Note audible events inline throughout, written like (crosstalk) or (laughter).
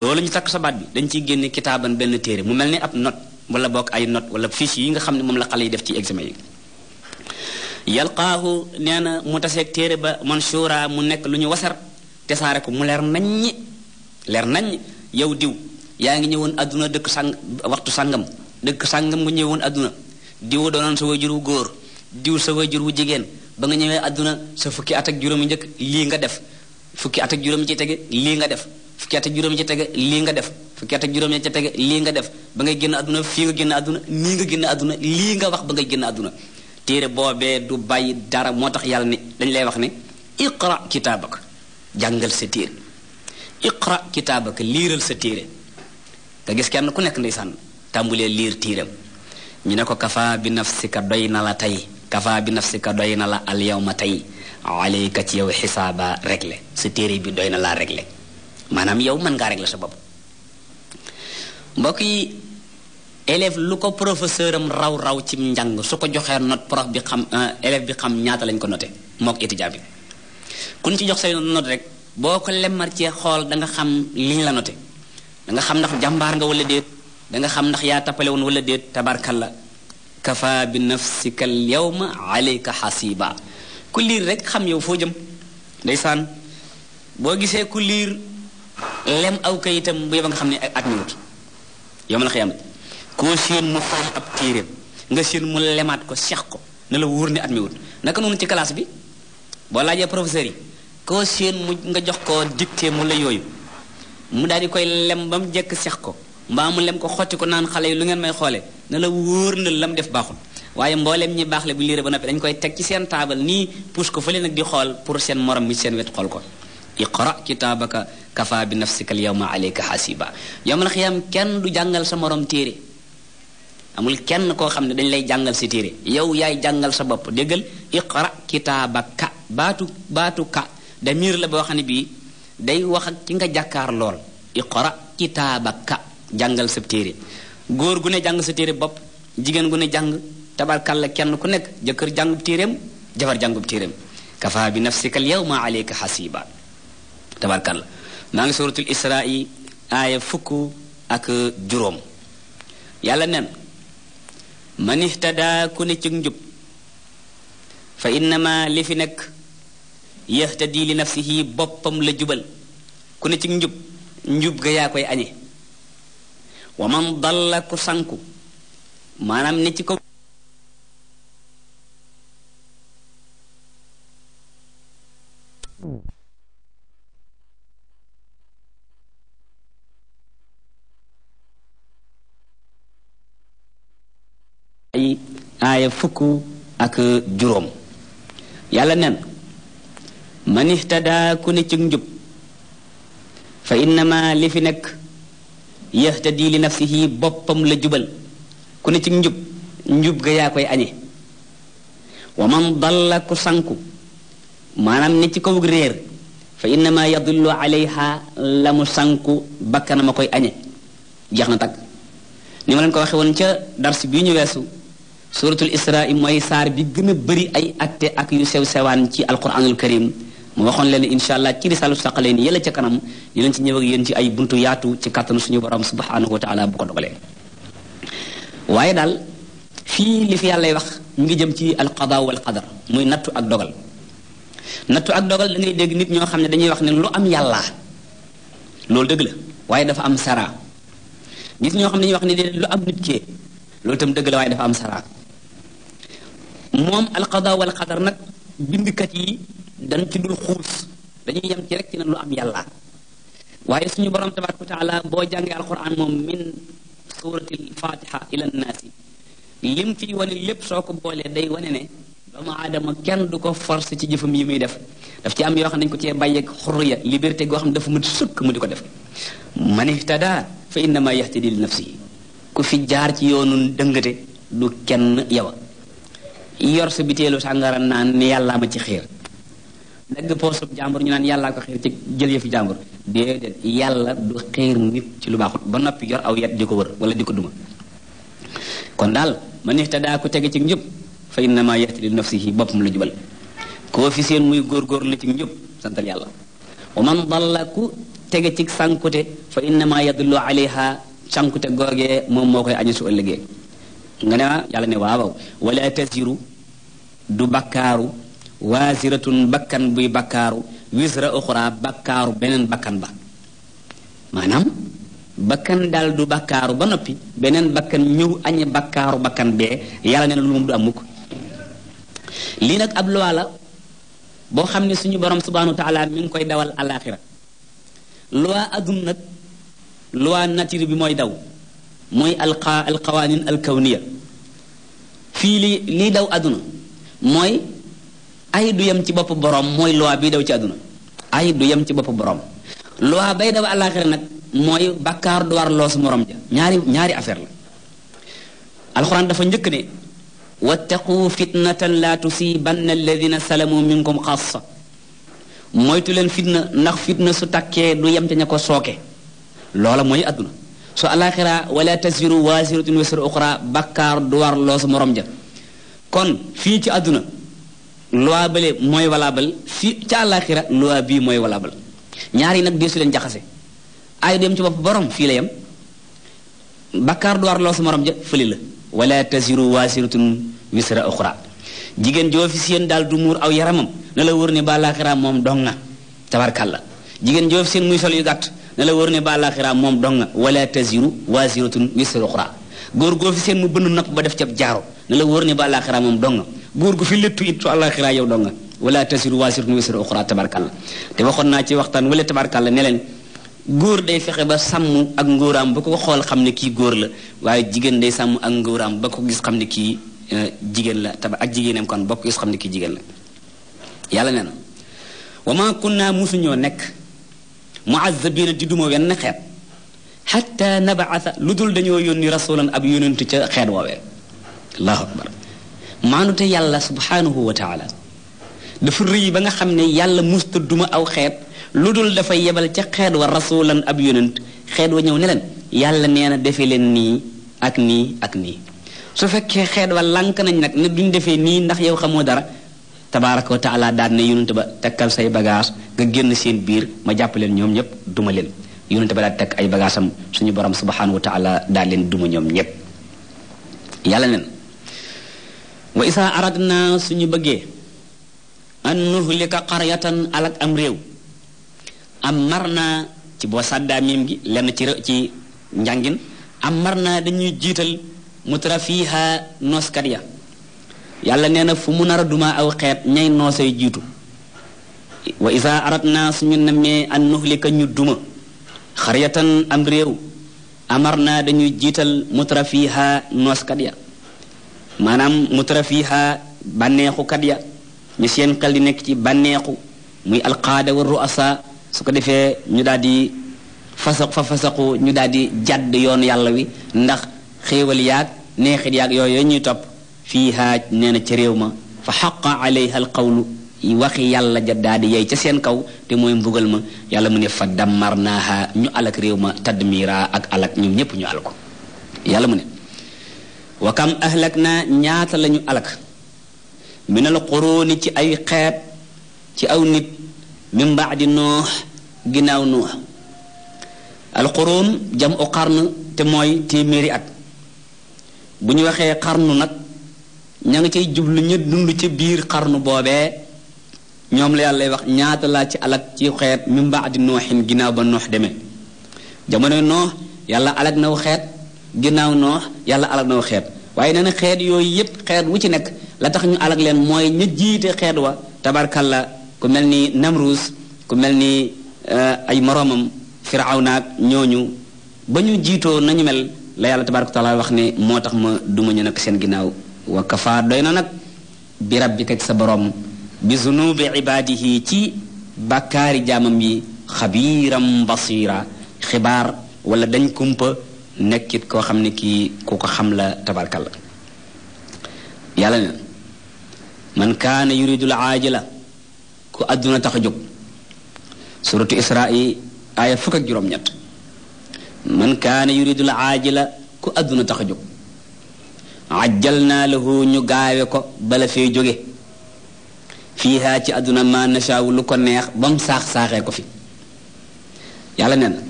loolu ñu takk sa baat bi dañ ciy génne kitaaban benn téere mu mel ni ab note wala bokk ay not wala fiis yi nga xam ne moom la xale yi def ci examen yi yalqaahu nee na mu taseeg téere ba man manshura mu nekk lu ñu wasar te saare ko mu leer naññi leer naññi yow diw yaa ngi ñëwoon adduna dëkk sàng waxtu sàngam dëkk sàngam mu ñëwoon adduna diw doonoon sa wajur wu góor diw sa wajur wu jigéen ba nga ñëwee adduna sa fukki at ak juróomi njëkk lii nga def fukki at ak juróomi nga def fukki at juróom ci tege lii nga def fukki at ak juróom ci tege lii nga def ba ngay génn àdduna fii nga génn àdduna nii nga génn àdduna lii nga wax ba ngay génn aduna téere boobee du bay dara moo tax yàlla ne dañ lay wax ne iqra kitaabaka jàngal sa téere iqra kitaabaka liiral sa téere nga gis kenn ku nekk ndeysaan tàmbulee liir tiiram ñu ne ko kafaa bi nafsika doy na la tey kafaa bi nafsika doy na la al yawma tey alayka ci yow xisaaba réglé sa téere bi doy na laa réglé maanaam yow man ngaa régler sa bopp mbokk yi élève lu ko professeur am raw raw ci njàng su ko joxee not prof bi xam euh, élève bi xam ñaata lañ ko noté mook étudiant kun ci jox say note rek boo ko lemmar cee xool da nga xam liñ la noté da nga xam ndax jàmbaar nga wala déet da nga xam yaa tappale wala déet tabarkalla kafa bi nafsika yow foo jëm ndeysaan boo gisee ku lem aw kayitam bu yeba nga xam ne at minut yow ma la xëyamat koo seen mu xool ab téeréem nga séen mu lemaat ko seex ko ne la wóor ne at mi wut naka noonu ci classe bi boo laajee professeur yi koo séen mu nga jox ko dictée mu yooyu mu daal di koy lem ba mu jekk seex ko mbaa mu lem ko xotti ko naan xale yi lu ngeen may xoolee ne la wóor na lam def baaxul waaye mbooleem ñi baax le bu liire ba noppi dañ koy teg ci seen taabal nii puus ko fële nag di xool pour seen morom mi seen wet xool ko iqra kitaabaka kafa bi nafsika al yawma alayka hasiba yawmal xiyaam kenn du jàngal sa morom téere amul kenn koo xam ne dañ lay jàngal si téere yow yaay jàngal sa bopp déggal iqra kitaabaka baatu ka la boo xam ne bii day wax ki nga jàkkaar lool iqra jàngal sa téere góor gu ne jàng sa téere bopp jigéen gu ne jàng tabarkalla kenn ku nekk jëkkër jàngub téeréem jabar jàngub téeréem kafa bi nafsika al yawma alayka hasiba tabarkalla maa ngi suratul isra'i aaya fukk ak juróom yàlla nen man ihtada ku ne ci njub fa innama li fi nekk na fi nafsihi boppam la jubal ku ne ci njub njub ga yaa koy añe wa man dalla ku sanku maanaam ne ci ko yi aaya fukk ak juróom yàlla nen man ihtada ku ne ci njub fa innama li fi nekk yahtadi li nafsihi boppam la jubal ku ne ci njub njub ga yaa koy añe wa man dalla ku sanku maanaam ne ci kaw réer fa innama yadillu alayha la mu sanku bakkanam koy añe jeex na takk ni ma leen ko waxe woon ca dars bii weesu suratul israa mooy saar bi gën a bari ay atte ak yu sew sewaan ci alquranul karim mu waxoon leen incha allah ci risaalu saqaleen yëla ca kanam ñu leen ci ñëw ak yéen ci ay buntu yaatu ci kàttan suñu borom subhanahu wa taala bu ko dogalee waaye daal fii li yàllay wax ngi jëm ci alqada wal muy nattu ak dogal nattu ak dogal da ngay dégg nit ñoo xam ne dañuy wax ne lu am yàlla loolu dëgg waaye dafa am sara nit ñoo xam ne dañuy wax ni lu am nit kee loolu itam dëgg la waaye dafa am sara moom alqada wal qadar nag bindkat yi dañ ci dul xuus dañuy yem ci rek ci na lu am yàlla waaye suñu borom tabaraka wa taala boo jàngee alquran moom min surati alfatiha ila nnaasi lim fiy wane lépp soo ko boolee day wane ne doomu aadama kenn du ko force ci jëfam yi muy def daf ci am yoo nañ ko cee bàyyeeg xurriya liberté goo xam ne dafa mën sukk mu di ko def man ihtada fa innama yahtadi li nafsihi ku fi jaar ci yoonu dëngate du kenn yow yor sa biteelu sàngara naan ni yàllaa ma ci xiir dagg poosub jàmbur ñu naan yàllaa ko xiir ci jël yëfu jàmbur déedéet yàlla du xiir nit ci lu baaxut ba noppi yor aw yet di ko wër wala di ko duma kon daal man ihtadaa ku tege ci njub fa innamaa yahtadi li nafsihi boppam la jubal koo fi seen muy góorgóorlu ci njub santal yàlla wa man dalla ku tege ci sànkute fa innamaa yadullu alayha sànkute googee moom moo koy añu su ëllëgee nga ne ah yàlla ne waawaw du bakkaaru waaziratun bakkan buy bakkaaru wisra uxra bakkaaru beneen bàkkan ba maanaam bakkan daal du bakkaaru ba noppi beneen bakkan ñëw añe bakkaaru bakkan bee yàlla ne na lu moom du am mukk lii nag ab luwaa la boo xam ne suñu boroom subhanahu wa taala mi ngi koy dawal alaaxira luwaa adun nag luwaa nature bi mooy daw mooy alqa alqawaanin alkawniya fii li lii daw àdduna mooy ay du yem ci bopp boroom mooy loi bii daw ci àdduna ay du yem ci bopp boroom loi bay daw àllaaxira nag mooy bàkkaar du war loos moroom ja ñaari ñaari affaire la alxuraan dafa njëkk ne wattaqu fitnatan laa tusibanna alladina salamu minkum xassa moytu leen fitna ndax fitna su takkee du yem ca ña ko sooke loola mooy àdduna su alaxira wala tasiru waasiratun wasira uxra bakkaar du war loo ja kon fii ci àdduna loi bële mooy walaabal fii ci alaxira loi bii mooy walaabal ñaar yi nag deesu leen jaxase ay dem ci bopp borom fii la yem bakkaar du war loo ja fële la wala tasiru waasiratun wisra uxra jigéen joo fi seen daal du muur aw yaramam na la wóor ne ba alaxira moom dong nga tabarkàlla jigéen joo fi seen muy sol yu gàtt ne la wóor ne ba àllaaxira moom dong nga wala taziru waaziratun wisra uxra góor goo fi seen mu bënn nopp ba def ca jaaro ne la wóor ne ba àllaaxira moom dong nga góor gu fi léttu it su àllaaxira yow dong nga wala taziru waaziratun wisra uxra tabarkalla te waxoon naa ci waxtaan wala tabarkalla la leen góor day fexe ba sàmm ak ngóoraam ba ko xool xam ne kii góor la waaye jigéen day sàmm ak ngóoraam ba ko gis xam ne kii eh, jigéen la taba ak jigéenam kon bokk xam ne kii jigéen la yàlla mu muazzabiina di duma wenn xeet xatta nabaasa lu dul dañoo yónni rasulan ab yonant ca xeet woowee allahu akbar maanute yàlla subhaanahu wa taala dafa rëy ba nga xam ne yàlla musta duma aw xeet lu dul dafa yebal ca xeet wa rasulan ab yónent xeet wa ñëw ne yàlla nee na defee leen nii ak nii ak nii su fekkee xeet wa lànk nañ nag ne duñ defee nii ndax yow xamoo dara tabaaraka wa taala daan ba takkal say bagage nga génn seen biir ma jàpp leen ñoom ñëpp duma leen yonente ba daal tekk ay bagaasam suñu borom subhanahu wa taala leen duma ñoom ñëpp yàlla nen wa isa aradna suñu bëggee an nuhlika qaryatan alak am réew am mar naa ci boo sàddaa miim gi lenn ci ci njàngin am mar naa dañuy jiital mutrafiha noskat ya yàlla nee na fu mu nar a duma aw xeet ñay noosey jiitu wa isa aratna suñu nammee an nuhlika ñu duma xaryatan am réew amar naa dañuy jiital mutrafiha nooskat ya maanaam mutrafiha kat ya ñu seen xel di nekk ci bànneexu muy alqaada wa ruasa su ko defee ñu daal di fasaq fa fasaqu ñu daal di jàdd yoon yàlla wi ndax xéewal yaag neexit yaag yooyu ñuy topp fii haaj nee na réew ma fa xaqa alayha alqawlu waxi yàlla ja daa di yey ca seen kaw te mooy mbugal ma yàlla mu ne fa dammarnaaha ñu alak réew ma tadmira ak alak ñépp ñu alko yàlla mu ne wa kam ahlak naa ñaata la ñu alak minal quruuni ci ay xeet ci aw nit min baadi noox ginnaaw noox alquruun jam u xarn te mooy téeméeri at bu ñu waxee xarnu nag ña nga cay jublu ñu dund ci biir xarnu boobee ñoom la yàlla wax ñaata laa ci alak ci xeet min baadi nooxin ginnaaw ba noox demee jamono noox yàlla alak naw xeet ginnaaw noox yàlla alak na xeet waaye nee na xeet yooyu yépp xeet wu ci nekk la tax ñu alak leen mooy ñu jiite xeet wa tabarkal la ku mel ni namruus ku mel ni eh, ay moroomam firawnaak ñooñu ba ñu jiitoo nañu mel la yàlla tabaraka taala wax ne moo tax ma duma ñu nekk seen ginnaaw wa kafa doy na nag bi rabbika ak sa boroom bi i ibaadihi ci bàkkaari jaamam yi xabiiram basira xibaar wala dañ kumpa nekkit koo xam ne kii ku ko xam la tabarkalla yàlla ne man kaana yuridul aajila ku tax a jóg suratu isra'i aaya fukk ak juróom-ñett man kaana yuridul aajila ku àdduna tax a jóg ajjal naa lahu ñu gaawe ko bala fee jóge fiihaa ci àdduna ma nashaawu lu ko neex ba saax saaxee ko fi yàlla nee na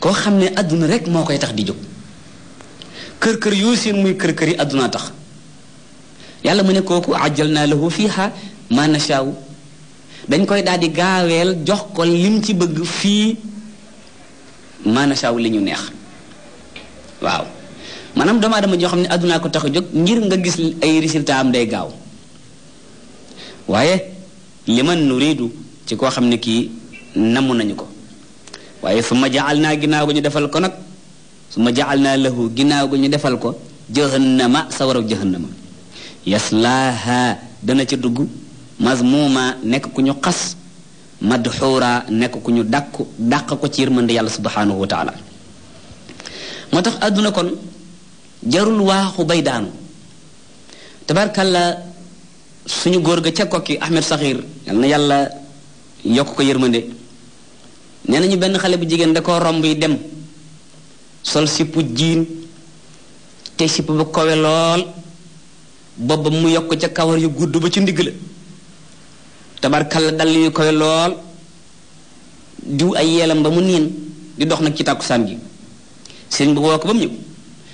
koo xam ne àdduna rek moo koy tax di jóg kër kër yoo seen muy kër kër yi àdduna tax yàlla mu ne kooku ajjal naa lahu fiihaa ma nashaawu dañ koy daal di gaaweel jox ko lim ci bëgg fii ma nashaawu li ñu neex waaw maanaam doomu aadama joo xam ne àddunaa ko tax a jóg ngir nga gis ay résultat am day gaaw waaye li man nuriidu ci koo xam ne kii namm nañu ko waaye su ma jaal naa ginnaaw gu ñu defal ko nag su ma jaal naa lahu ginnaaw gu ñu defal ko jahannama sawara jahannama yaslaaha dana ca dugg mazmuuma nekk ku ñu xas madxuura nekk ku ñu dàq ko ci yërmande yàlla subhanahu wa moo tax àdduna kon jarul waaxu bay daanu tabarkalla suñu góor ga ca kokki Ahmed Saxiir yal na yàlla yokk ko yërmande nee nañu benn xale bu jigéen da koo romb yi dem sol sippu jiin te sipp ba kowe lool boppam mu yokk ca kawar yu gudd ba ci ndigg la tabarkalla dal yu kowe lool diw ay yeelam ba mu niin di dox nag ci tàkkusaan gi sëriñ bu woo ko ba mu ñëw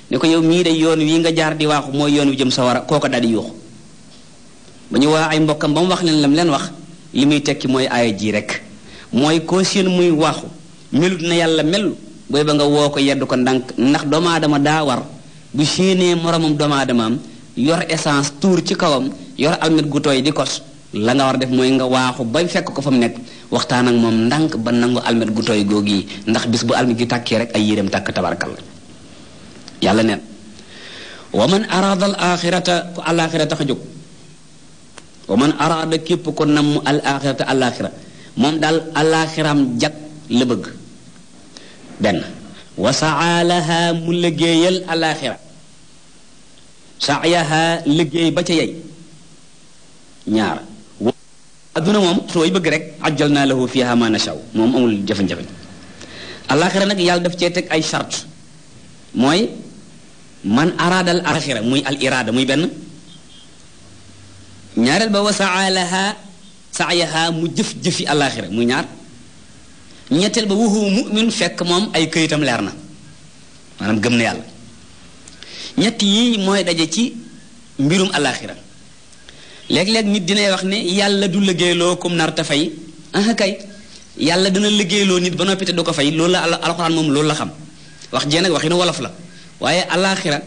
ni ko yow mii de yoon wii nga jaar di waaxu mooy yoon wi jëm sawara kooko daal di yuuxu ba ñu waa ay mbokkam ba mu wax leen lam leen wax li muy tekki mooy ay jii rek mooy koo seen muy waaxu melut na yàlla melu ba nga woo ko yedd ko ndànk ndax doomu aadama daa war bu séenee moromam doomu yor essence tuur ci kawam yor almet gu tooy di kos la nga war def mooy nga waaxu ba fekk ko fa mu nekk waxtaan ak moom ndànk ba nangu almet gu tooy googu yi ndax bis bu almet gi tàkkee rek ay yéreem tàkk tabarkal yàlla neen wa man araada al axirata ku al'axira tax a jóg wa man araada képp ko namm al axirata al'axira moom daal al'axiraam jag la bëgg benn wa saalaha mu liggéeyal al'axira saayaha liggéey ba ca yey ñaar adduna moom sooy bëgg rek ajjal naa lahu fiha ma nashaw moom amul jafe-jafe alaxira nag yàlla daf cee teg ay sart mooy man araadal alaxira muy al iraada muy benn ñaareel ba wa saalaha saayaha mu jëf-jëfi alaxira muy ñaar ñetteel ba waxu mu'min fekk moom ay këyitam leer na maanaam gëm na yàlla ñett yi mooy daje ci mbirum alaxira léeg-léeg nit dinay wax ne yàlla du liggéeyloo comme nar ta fay ah kay yàlla dina liggéeyloo nit ba noppite du ko fay loolu la alxuraan moom loolu la xam wax jee nag waxi wolof la waaye alaaxira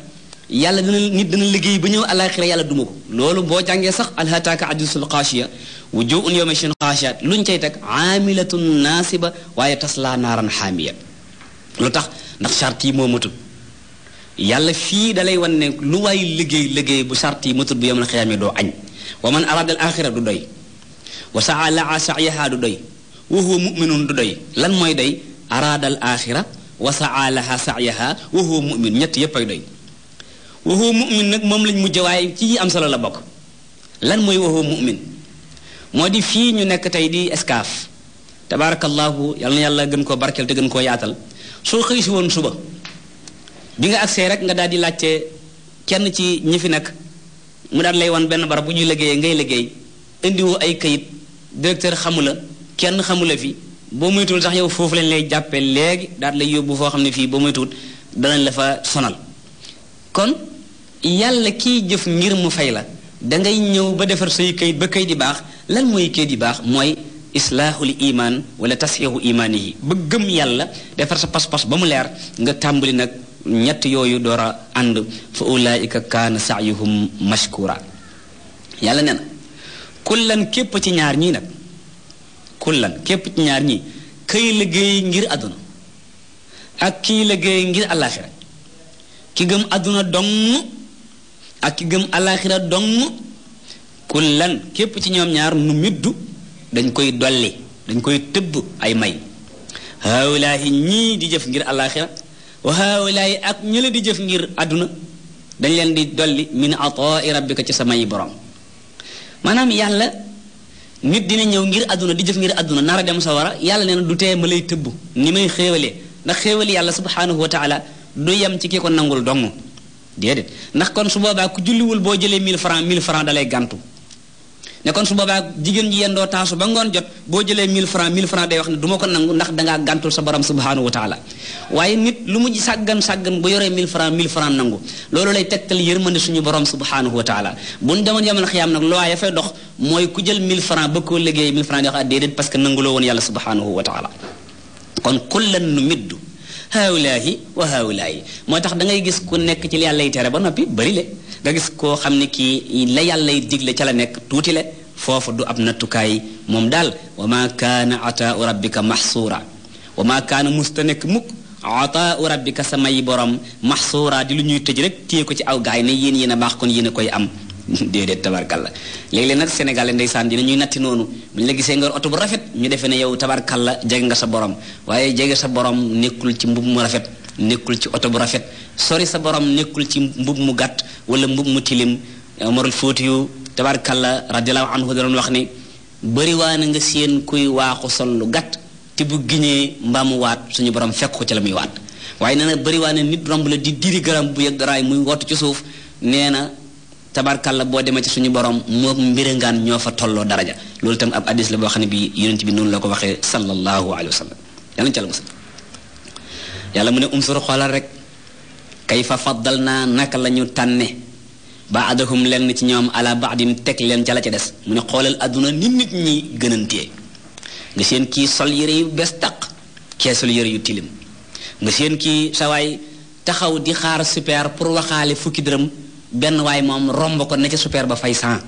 yàlla dana nit dana liggéey ba ñëw alaaxira yàlla duma ko loolu boo jàngee sax alhataaka hadiisul xaashiya wujuhun yawma shin xaashiyaat luñ cay teg aamilatun naasiba waaye tas laa naaran xaamiya lu tax ndax charte moo matul yàlla fii dalay wan lu waay liggéey liggéey bu charte yi matul bu yawmal xiyaama doo añ wa man araada al du doy wa saa laa sa'yahaa du doy wa huwa muminun du doy lan mooy doy araada al wa saa laha sa'yaha wa mu'min ñett yépp ay doy wa mu'min nag moom lañ mujj waaye ci yi am solo la bokk lan mooy wa huwa mu'min moo di fii ñu nekk tey di escaf tabaarakallaahu yal na yàlla gën koo barkeel te gën koo yaatal soo xëy si woon suba bi nga agsee rek nga daal di laajte kenn ci ñi fi nekk mu daal lay wan benn barab bu ñuy liggéeyee ngay liggéey indiwoo ay kayit directeur la kenn xamula fi boo moytuwul sax yow foofu lañ lay jàppee léegi daal lay yóbbu foo xam ne fii boo moytuwul danañ la fa sonal kon yàlla kiy jëf ngir mu fay la dangay ñëw ba defar say kayit ba kayit di baax lan mooy kayit di baax mooy islaahul imaan wala tasxiixu imaan yi ba gëm yàlla defar sa pas-pas ba mu leer nga tàmbali nag ñett yooyu door a ànd fa ulaayika kaana saayuhum mashkura yàlla nee na kullan képp ci ñaar ñii nag kullan képp ci ñaar ñi këy liggéey ngir àdduna ak kii liggéey ngir alaaxira ki gëm àdduna dong ak ki gëm alaaxira dong kullan képp ci ñoom ñaar nu middu dañ koy dolli dañ koy tëbb ay may haawulaahi ñii di jëf ngir alaaxira wa haawulaahi ak ñële di jëf ngir àdduna dañ leen di dolli min ataa i rabbika ci samay boroom maanaam yàlla nit dina ñëw ngir àdduna di jëf ngir àdduna nar a dem sa a yàlla nee na du tee ma lay tëb ni may xéewalee ndax xéewali yàlla subhaanahu wa taala du yem ci ki ko nangul dong déedéet ndax kon su boobaa ku julliwul boo jëlee 1000 francs 1000 francs dalay gantu ne kon su boobaa jigéen ji yendoo taasu ba ngoon jot boo jëlee 1000 francs 1000 francs day wax ne du ma ko nangu ndax dangaa gàntul sa borom subhaanahu wa taala waaye nit lu mu sàggan sàggan bu yoree 1000 francs 1000 francs nangu loolu lay tegtal yërmande suñu borom subhaanahu wa taala bu ñu demoon yamal xiyaam nag loo ya fay dox mooy ku jël 1000 francs ba koo liggéey 1000 francs di wax ah déedéet parce que nanguloo woon yàlla subhaanahu wa taala kon kullan nu middu haawlaahi wa haawlaahi moo tax dangay gis ku nekk ci li yàlla yi tere noppi bëri le nga koo xam ne kii la yàlla yi digle ca la nekk tuuti le foofa du ab nattukaay moom daal wa maa kaana ataau rabbika maxsuura wa ma kaana musta nekk mukk ataau sa may borom maxsuura di lu ñuy tëj rek téye ko ci aw gaay ne yéen yéen a baax kon yéen a koy am (laughs) déedéet tabarkalla léeg-léeg nag ndey saan dina ñuy natti noonu bu ñu la gisee nga oto bu rafet ñu defee ne yow tabarkalla jege nga sa borom waaye jege sa borom nekkul ci mbubb mu rafet nekkul ci oto bu rafet sori sa borom nekkul ci mbub mu gàtt wala mbub mu tilim Omarul Fuutiyu tabarkalla radiallahu anhu da doon wax ne bariwaana nga séen kuy waaxu sol lu gàtt te bu giñee mbaamu waat suñu borom fekk ko ci la muy waat waaye nee na bariwaana nit romb la di diri garam bu yëg daraay muy wootu ci suuf nee na la boo demee ci suñu borom moo mbirangaan ñoo fa tolloo daraja loolu itam ab hadis la boo xam ne bi yonent bi noonu la ko waxee sallallahu alayhi wa sallam yàlla ci la musal yàlla mu ne umsur xoolal rek kayfa baadahum lenn ci ñoom ala baadin teg leen ca la ca des mu ne xoolal àdduna nit nit ñi gënantee nga seen kii sol yére yu bees taq kee sol yére yu tilim nga seen kii sawaay taxaw di xaar super pour waxaale fukki dërëm benn waay moom romb ko ne ca super ba fay cent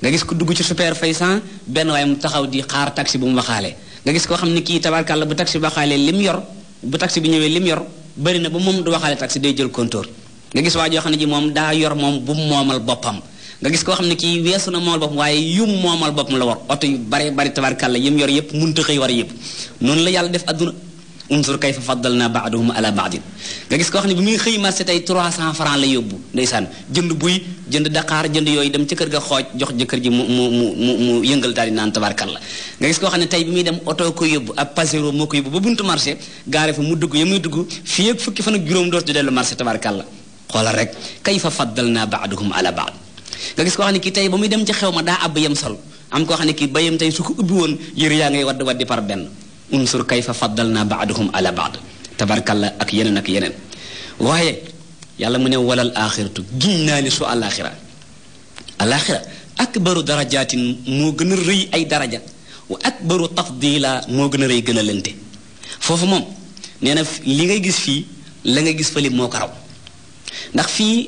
nga gis ko dugg ci super fay cent benn waay mu taxaw di xaar taxi bu mu waxaale nga gis koo xam ne kii tabarkàlla bu taxi bi waxaalee lim yor bu taxi bi ñëwee lim yor bari na ba moom du waxaale taxi day jël compteur nga gis waa joo xam ne ji moom daa yor moom bu moomal boppam nga gis koo xam ne kii weesu na moomal boppam waaye yum moomal boppam la war oto yu bare bari tabarkàlla yim yor yëpp munta xëy war yëpp noonu la yàlla def adduna unsur kayfa faddalna ba'dahum ala ba'din nga gis koo xam ne bi muy xëy marché tey 300 francs la yóbbu ndeysaan jënd buy jënd daqaar jënd yooyu dem ci kër ga xooj jox jëkkër ji mu mu mu mu yëngal daal di naan la nga gis koo xam ne tey bi muy dem otoo ko yóbbu ab pasero moo ko yóbbu ba buntu marché gaare fa mu dugg ya muy dugg fii ak fukki fan ak juróom dootu dellu marché tabarkalla xoolal rek kayfa faddalna ba'dahum ala ba'd nga gis koo xam ne kii tey ba muy dem ci xew ma daa àbb yem sol am koo xam ne kii bayam tey su ko ubbi woon yére yaa ngay wadd waddi par benn unsur kayfa faddalna ba'dahum ala ba'd tabarkalla ak yeneen ak yeneen waaye yàlla mu ne walal axiratu giñ naa ne su alaxira alaxira akbaru darajaatin moo gën a rëy ay daraja wa akbaru tafdila moo gën a rëy gën a lente foofu moom nee li ngay gis fii la nga gis fële moo ko raw ndax fii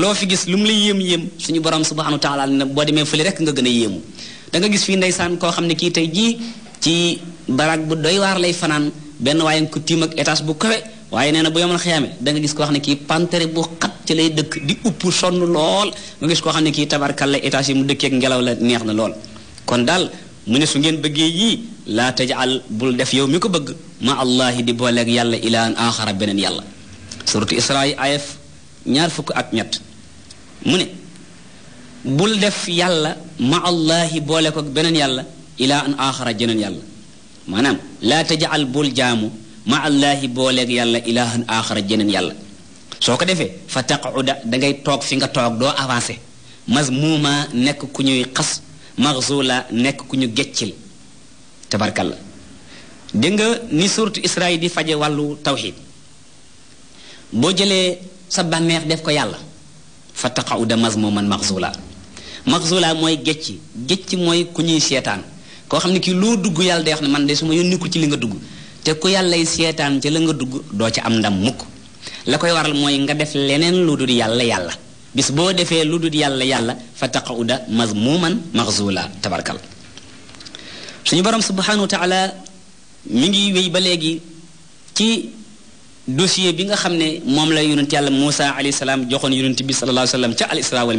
loo fi gis lu mu la yéem yéem suñu borom subhanahu wa taala ne boo demee fële rek nga gën a yéemu danga gis fii ndeysaan koo xam ne kii tey jii ci barak bu doy waar lay fanaan benn waaye nga ko tiim ak étage bu kawe waaye nee na bu yomal xiyaame da nga gis koo xam ne kii pantere bu xat ci lay dëkk di upp sonn lool nga gis koo xam ne kii tabarkal la étage yi mu dëkkeek ak ngelaw la neex na lool kon daal mu ne su ngeen bëggee yii laa tajal bul def yow mi ko bëgg ma allahi di booleeg yàlla ilaan axara beneen yàlla ñaar fukk ak ñett mu ne bul def yàlla ma allahi boole ko beneen yàlla ilaa an aaxara jeneen yàlla maanaam laa tajaal bul jaamu ma allahi booleeg yàlla ilaahan aaxara jeneen yàlla soo ko defee fa taquda dangay toog fi nga toog doo avancé mazmuuma nekk ku ñuy xas maxzula nekk ku ñu geccil tabarkalla dégg nga ni suurtu Israa di faje wàllu tawxiid boo jëlee sa bànneex def ko yàlla fa taqaw da mazmuman maxzula maxzula mooy gecci gecci mooy ku ñuy seetaan koo xam ne kii loo dugg yàlla day wax ne man de su ma yónni ko ci li nga dugg te ku yàllay seetaan ca la nga dugg doo ci am ndam mukk la koy waral mooy nga def leneen lu dul yàlla yàlla bis boo defee lu dul yàlla yàlla fa taqaw da mazmuman maxzula tabarkal suñu borom subhanahu wa taala mi ngi wéy ba léegi ci dossier bi nga xam ne moom la yonent yàlla Moussa alayhi salaam joxoon yonent bi sallallahu alayhi wasallam ca al isra wal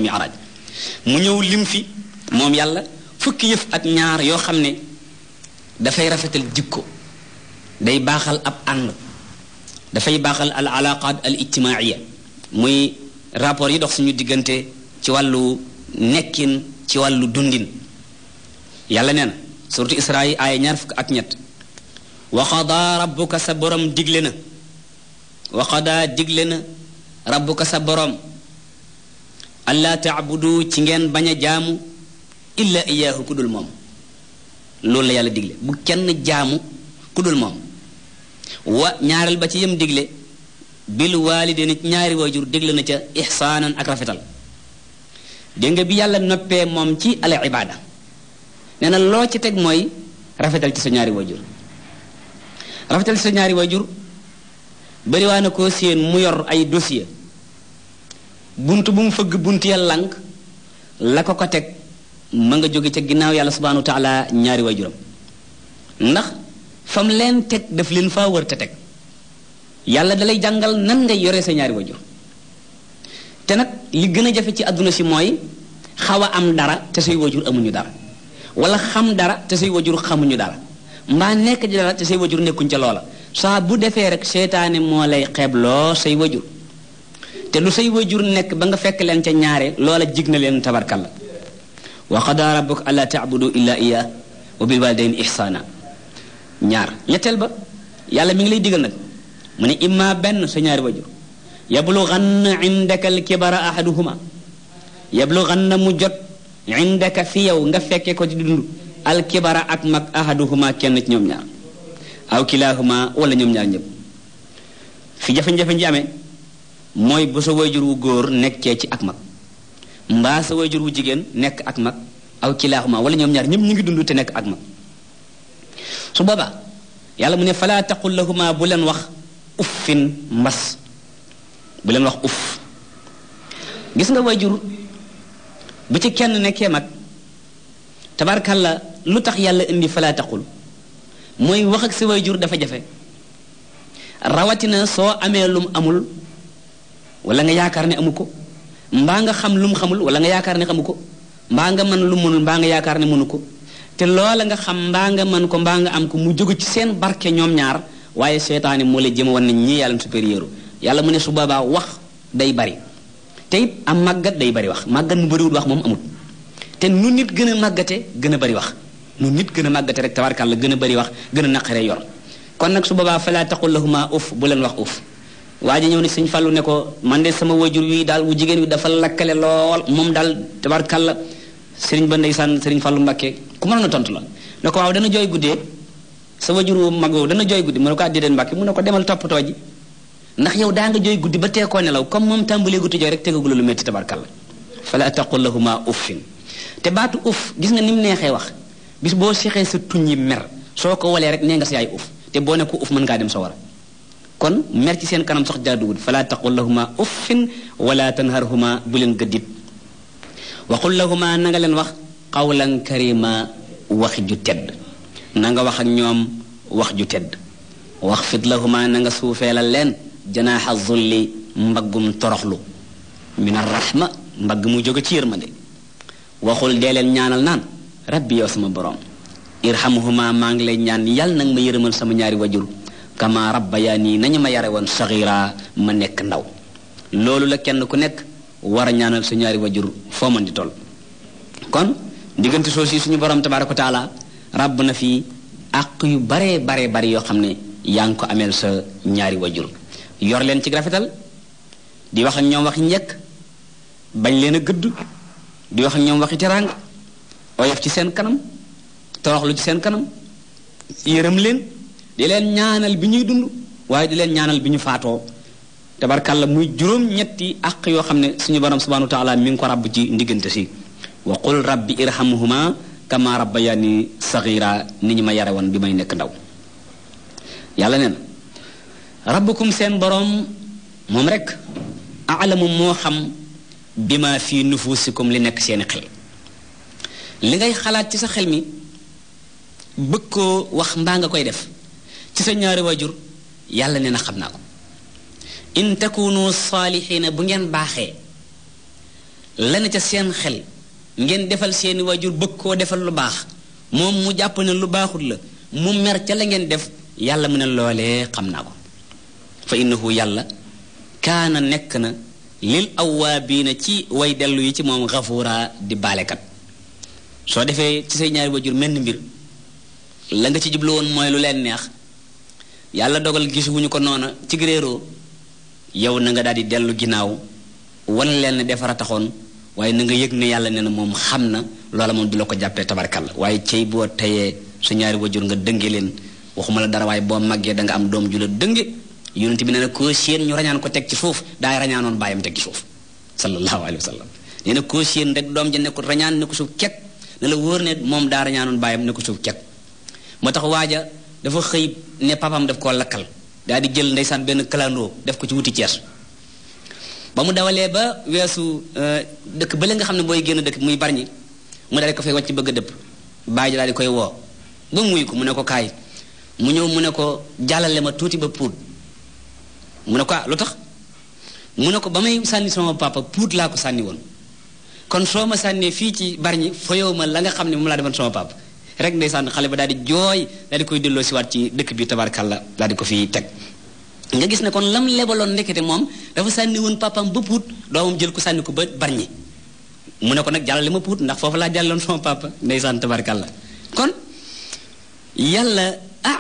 mu ñëw lim fi moom yàlla fukki yëf ak ñaar yoo xam ne dafay rafetal jikko day baaxal ab ànd dafay baaxal al alaqaat al ijtimaaiya muy rapport yi dox suñu diggante ci wàllu nekkin ci wàllu dundin yàlla nee na surtout isra aaya ñaar fukk ak ñett wa rabbuka sa borom digle na waqadaa digle na rabbuka sa boroom allaa taabudu ci ngeen bañ a jaamu illaa iyaahu ku dul moom loolu la yàlla digle bu kenn jaamu ku dul moom wa ñaareel ba ci yem digle bil waalidayni ñaari waajur digle na ca ixsaanan ak rafetal dégg nga bi yàlla noppee moom ci al ibaada nee na loo ci teg mooy rafetal ci sa ñaari waajur rafetal ci sa ñaari waajur bari waa na koo séen mu yor ay dossier bunt bu mu fëgg bunt ya lànk la ko ko teg ma nga jóge ca ginnaaw yàlla subhanahu wa taala ñaari waajuram ndax fam leen teg def leen faa wër te teg yàlla dalay jàngal nan ngay yore sa ñaari waajur te nag li gën a jafe ci àdduna si mooy xaw a am dara te say waajur amuñu dara walla xam dara te say waajur xamuñu dara mbaa nekk dara te say waajur nekkuñ ca loola saa bu defee rek seytaane moo lay xeebloo say wajur te lu say wajur nekk ba nga fekk leen ca ñaare loola jig na leen tabarkalla wa qadaa rabbuka allaa taabudu illaa iyaa wa bil walidayni ihsaana ñaar ñetteel ba yàlla mu ngi lay digal nag mu ne imma benn su ñaari wajur yablughanna indaka alkibara ahaduhuma yablughanna mu jot indaka fi yow nga fekke ko ci dund alkibara ak mag ahaduhuma kenn ci ñoom ñaar aw kilaahuma wala ñoom ñaar ñëpp fi jafe-jafe ji amee mooy bu sa jur wu góor nekkee ci ak mag mbaa sa jur wu jigéen nekk ak mag aw kilaahuma wala ñoom ñaar ñëpp ñu ngi dund te nekk ak mag su booba yàlla mu ne falaa taqul lahuma bu leen wax fin mbas bu leen wax uff gis nga jur bu ci kenn nekkee mag tabarkalla lu tax yàlla indi falaataxul mooy wax ak sa jur dafa jafe rawatina soo amee lum amul wala nga yaakaar ne amu ko mbaa nga xam lum xamul wala nga yaakaar ne xamu ko mbaa nga mën lu mënul mbaa nga yaakaar ne mënu ko te loola nga xam mbaa nga mën ko mbaa nga am ko mu jóg ci seen barke ñoom ñaar waaye seetaane moo la jëm woon nañ ñii yàlla supérieur yàlla mu ne su boobaa wax day bari te it am màggat day bari wax màggat mu bariwul wax moom amut te nu nit gën a màggate gën a bari wax nu nit gën a màggate rek la gën a bëri wax gën a naqaree yor kon nag su boobaa falaa taqul lahuma uf bu leen wax uf waa ji ñëw ne sëñ Fallu ne ko man de sama wajur wi daal wu jigéen wi dafa lakkale lool moom daal tabarkàlla sëriñ ba ndeysaan sëriñ Fallu Mbàkke ku mënoon a tontu la ne ko dana jooy guddee sa wajur wu mag dana jooy guddi mu ne ko addideen ah, Mbàkke mu ne ko demal toppatoo ji ndax yow daa nga jooy guddi ba teekoo nelaw comme moom tàmbalee guddi jooy rek tegagula lu métti tabarkàlla falaa taqul lahuma uffin te baatu uff gis nga ni mu neexee wax bis boo sexee sa tuñ yi mer soo ko walee rek nee nga sa yaay uf te boo ne ko uf mën ngaa dem sa war kon mer ci seen kanam sax jaaduwul fala taqul lahuma uffin wala tanharhuma bu leen gëddit waxul lahuma na nanga leen wax xawlan karima wax ju tedd wax ak ñoom wax ju tedd wax fit lahuma na nga suufeelal leen janaaxa zulli mbaggum toroxlu min arrahma mbagg mu jóge ci yërmande waxul dee leen ñaanal naan rabbi yow sama boroom borom irhamhuma maa ngi lay ñaan yàlla nag ma yërëmal sama ñaari wajur kama nii nañu ma yare woon saxiira ma nekk ndaw loolu la kenn ku nekk war a ñaanal sa ñaari wajur foo mën di toll kon diggante soo soosi suñu borom tabaaraka wa taala rabb na fi àq yu baree baree bari yoo xam ne yaa ngi ko ameel sa ñaari wajur yor leen ci rafetal di wax ak ñoom waxi njëkk bañ leen a gëdd di wax ak ñoom waxi teraanga oyof ci seen kanam toroxlu ci seen kanam yërëm leen di leen ñaanal bi ñuy dund waaye di leen ñaanal bi ñu faatoo tabarkàlla muy juróom-ñetti àq yoo xam ne suñu borom subhanahu wa taala mi ngi ko rabb ci ndiggante si wa qul rabbi irhamhuma kama rabbayani sagira ni ñu ma yare woon bi may nekk ndaw yàlla nee na rabbukum seen boroom moom rek alamu moo xam bi ma fii nufusikum li nekk seeni xel li ngay xalaat ci sa xel mi bëgg koo wax mbaa nga koy def ci sa ñaari waajur yàlla nee na xam naa ko in takunu saalixiina bu ngeen baaxee la lana ca seen xel ngeen defal seeni waajur bëgg koo defal lu baax moom mu jàpp ne lu baaxul la mu mer ca la ngeen def yàlla mu ne loole xam naa ko fa innahu yàlla kaana nekk na lil awaabiina ci way dellu yi ci moom xafuuraa di baalekat soo defee ci say ñaari wajur menn mbir la nga ci jublu woon mooy lu leen neex yàlla dogal gisuwuñu ko noona ci réeroo yow na nga daal di dellu ginnaaw wan leen ne defara taxoon waaye na nga yëg ne yàlla ne na moom xam na loola moom du la ko jàppee tabarkal waaye cey boo teyee su ñaari wajur nga dënge leen waxuma la dara waaye boo maggee da nga am doom ju la dënge yonent bi nee na koo séen ñu rañaan ko teg ci foofu daay rañaanoon bàyyam teg foofu sallallahu alayhi ne la wóor ne moom daara ñaanoon mu ne ko suuf ceg moo tax waaja dafa xëy ne papam def koo lakkal daal di jël ndeysaan benn kalandoo def ko ci wuti cees ba mu dawalee ba weesu euh, dëkk ba nga xam ne booy génn dëkk muy barñi mu daal di ko fay wàcc bëgg a dëpp bàyyi ji di koy woo ba muy ko mu ne ko kaay mu ñëw mu ne ko jàllale ma tuuti ba puut mu ne ko ah lu tax mu ne ko ba may sànni sama papa puut laa ko sànni woon kon soo ma sànnee fii ci barñi fayow ma la nga xam ne moom laa defoon sama pap rek ndeysaan xale bi daal di jooy daal di koy delloo siwaat ci dëkk bi tabarkàlla la di ko fi teg nga gis ne kon lam lebaloon ndekete moom dafa sànni woon papam ba puut doomam jël ko sànni ko ba barñi mu ne ko nag jàllale ma puut ndax foofu laa jàlloon jàllaloon sama papa ndeysaan la kon yàlla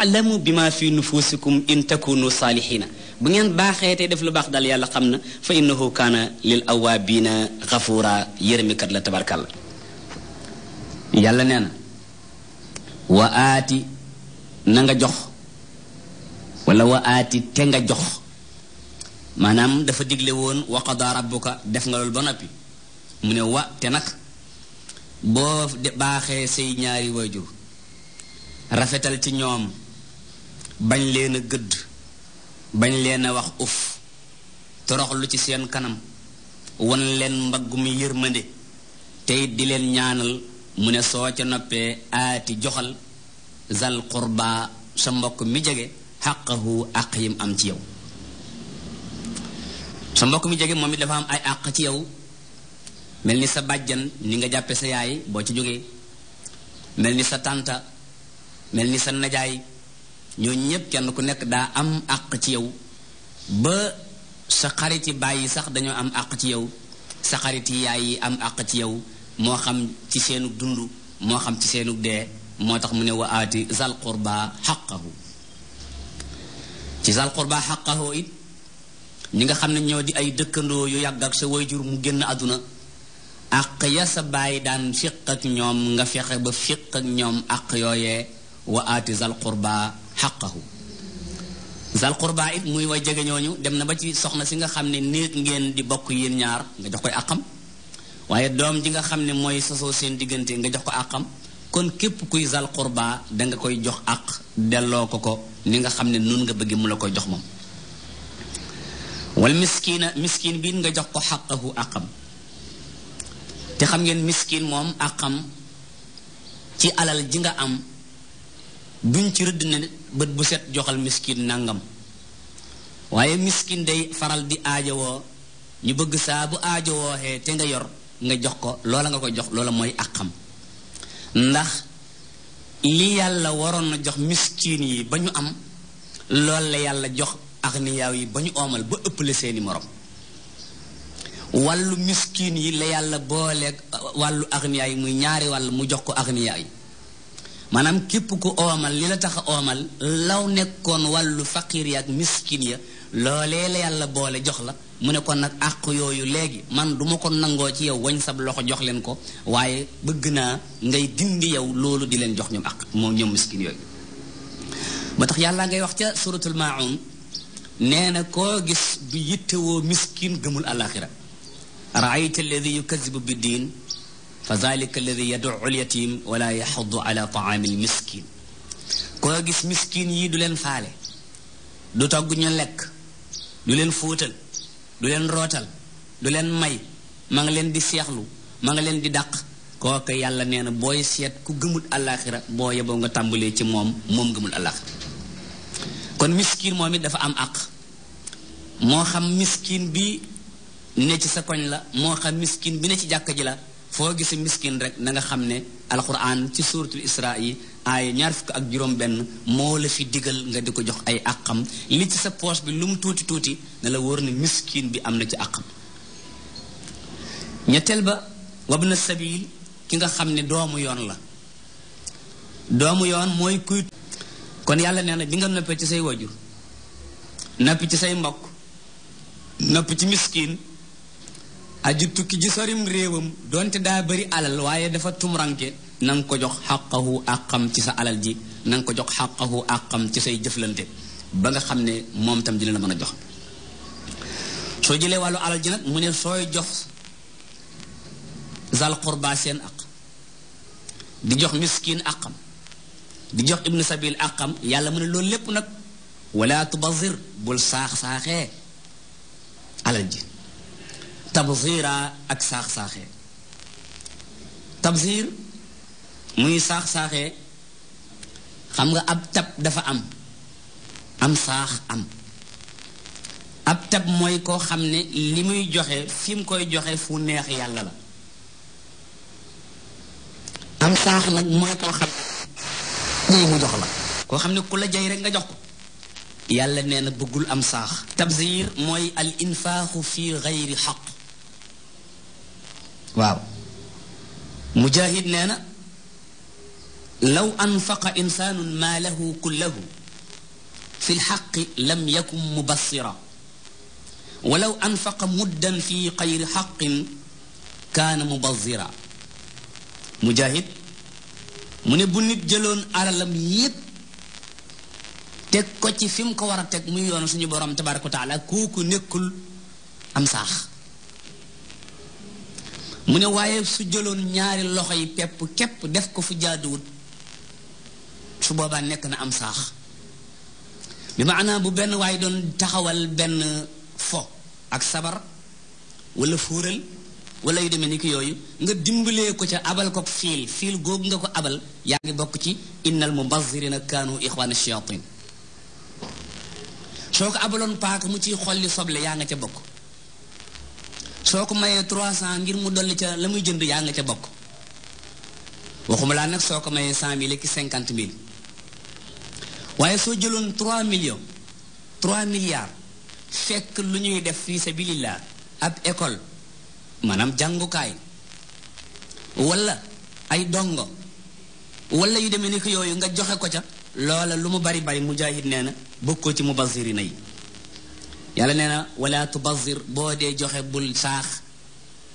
alamu bi ma fi nufusikum in takunu saalihiina bu ngeen baaxee tey def lu baax daal yàlla xam na fa innahu kaana lil awaabiina xafuura yërëmikat la tabarkàlla yàlla nee na wa aati na nga jox wala wa aati te nga jox maanaam dafa digle woon wa qadaa rabbuka def nga loolu ba noppi mu ne wa nag boo baaxee say ñaari waajur rafetal ci ñoom bañ leen a gëdd bañ leen a wax uf toroxlu ci seen kanam wan leen mbaggum yërmande tey di leen ñaanal mu ne soo ca noppee aati joxal zal qurba sa mbokk mi jege xaqahu àq yim am ci yow sa mbokk mi jege moom it dafa am ay àq ci yow mel ni sa bàjjan ni nga jàppe sa yaay boo ci jógee mel ni sa tànta mel ni sa najaay ñooñu ñëpp kenn ku nekk daa am àq ci yow ba sa xarit yi bàyyi sax dañoo am àq ci yow sa xarit yi yaay yi am àq ci yow moo xam ci seenu dund moo xam ci seenu dee moo tax mu ne wa aati zal qurba xaqahu ci zal qurba xaqahu it ñi nga xam ne ñoo di ay dëkkandoo yu yàgg ak sa jur mu génn àdduna àq ya sa bàyyi daan fiq ak ñoom nga fexe ba fiq ak ñoom àq yooyee wa aati zal qurba xaqahu zal qurba it muy way jege ñooñu dem na ba ci soxna si nga xam ne néeg ngeen di bokk yéen ñaar nga jox koy àqam waaye doom ji nga xam ne mooy sosoo seen diggante nga jox ko àqam kon képp kuy zal qurba danga koy jox àq delloo ko ko ni nga xam ne nun nga bëgg mu la koy jox moom wal miskiina miskiin bi nga jox ko xaqahu àqam te xam ngeen miskiin moom àqam ci alal ji nga am buñ ci rëdd ne bët bu set joxal miskin nangam waaye miskin day faral di aajowoo ñu bëgg saa bu aajowooxee te nga yor nga jox ko loola nga ko jox loola mooy àqam ndax li yàlla waroon na jox miskin yi ba ñu am lool la yàlla jox axniyaaw yi ba ñu oomal ba ëppale seeni moroom wàllu miskin yi la yàlla booleeg wàllu axniyaa yi muy ñaari wàll mu jox ko axniyaa yi maanaam képp ku oomal li la tax a oomal law nekkoon wàllu faqiir ya miskin ya loolee la yàlla boole jox la mu ne kon nag àq yooyu léegi man duma ma ko nangoo ci yow wañ sab loxo jox leen ko waaye bëgg naa ngay dindi yow loolu di leen jox ñoom àq moo ñoom miskin yooyu ba tax yàlla ngay wax ca suratul maun nee na koo gis du yittewoo miskin gëmul alaxira raayta alladi yukadibu bi diin fa zalika alladi yadou ulyatim wala yaxudu ala taami almiskin koo gis miskin yi du leen faale du togg ñu lekk du leen fóotal du leen rootal du leen may ma nga leen di seexlu ma nga leen di dàq kooku yàlla nee na booy seet ku gëmul àllaaxira boo yeboo nga tàmbalee ci moom moom gëmul àllaaxira kon miskin moom it dafa am àq moo xam miskin bi ne ci sa koñ la moo xam miskin bi ne ci jàkka ji la foo gisi miskin rek na nga xam ne alquran ci suuratul isra yi aaya ñaar fukk ak juróom benn moo la fi digal nga di ko jox ay àqam li ci sa poos bi lu mu tuuti tuuti na la wóor ne miskin bi am na ci àqam ñetteel ba wab na sabil ki nga xam ne doomu yoon la doomu yoon mooy kuy kon yàlla nee na bi nga noppee ci say wajur noppi ci say mbokk noppi ci miskin aji tukki ji sorim réewam donte daa bari alal waaye dafa tumranke nanga ko jox xaqahu àqam ci sa alal ji nanga ko jox xaqahu àqam ci say jëflante ba nga xam ne moom tam dina la mën a jox soo jëlee wàllu alal ji nag mu ne sooy jox zal qurba seen aq di jox miskin àqam di jox ibnu sabil àqam yàlla mu ne loolu lépp nag wala tubazir bul saax-saaxee alal ji tabziira ak saax-saaxee tabziir muy saax-saaxee xam nga ab tab dafa am am saax am ab tab mooy koo xam ne li muy joxe fim koy joxe fu neex yàlla la am saax nag mooy koo xam ne mu jox la koo xam ne ku la jay rek nga jox ko yàlla nee na bëggul am saax tabzir mooy al infaaxu fi gayri xaq waaw mujahid nee na law anfaqa insaanu maalahu kullahu fi lxaqi lam yakun mubassira walaw anfaqa muddan fi xayri xaqin kaana mubassira mujahid mu ne bu nit jëloon alalam yépp teg ko ci fi mu ko war a teg muy yoon suñu borom tabaraka wa taala kooku nekkul am saax mu ne waaye su jëloon ñaari loxo yi pepp képp def ko fu jaaduwut su boobaa nekk na am saax bi ma maanaam bu benn waaye doon taxawal benn fo ak sabar wala fóoral wala yu demee ni ki yooyu nga dimbalee ko ca abal ko fiil fiil googu nga ko abal yaa ngi bokk ci innal mubazzirina kaanu ixwaana shayatin soo ko abaloon paaka mu ciy xolli soble yaa nga ca bokk soo ko mayee trois cent ngir mu dolli ca la muy jënd yaa nga ca bokk waxuma laa nag soo ko mayee cent mille ki cinquante mille waaye soo jëloon trois millions trois milliards fekk lu ñuy def fii sa sabilillah ab école maanaam jàngukaay wala ay dongo walla yu demee ni ko yooyu nga joxe ko ca loola lu mu bari bari mujaahid nee na bokkoo ci mu mubazirina yi yàlla nee na wala tubazir boo dee joxe bul saax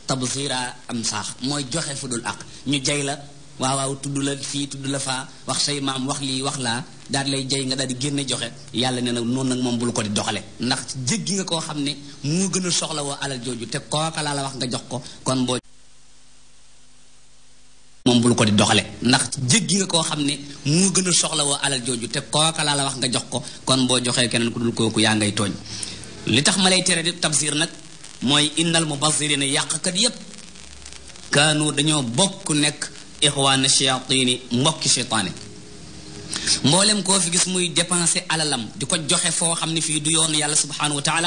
tabzira am saax mooy joxe fu dul ak ñu jay la waaw waaw tudd la fii tudd la faa wax say maam wax lii wax laa daal lay jay nga daal di génne joxe yàlla nee na noonu nag moom bul ko di doxale ndax jéggi nga koo xam ne mu gën a soxla woo alal jooju te kooka laa nga jox ko kon boo moom bul ko di doxale ndax jéggi nga koo xam ne mu gën a soxla woo alal jooju te kooka laa la wax nga jox ko kon boo joxee keneen ku dul kooku yaa ngay tooñ li tax ma lay tere di tabsir nag mooy innal mubassirina yàqkat yépp kaanu dañoo bokk nekk ixwaana shayatini mbokki shaytaani mboolem koo fi gis muy dépenser alalam di ko joxe foo xam ne fii du yoon yàlla subhanahu wa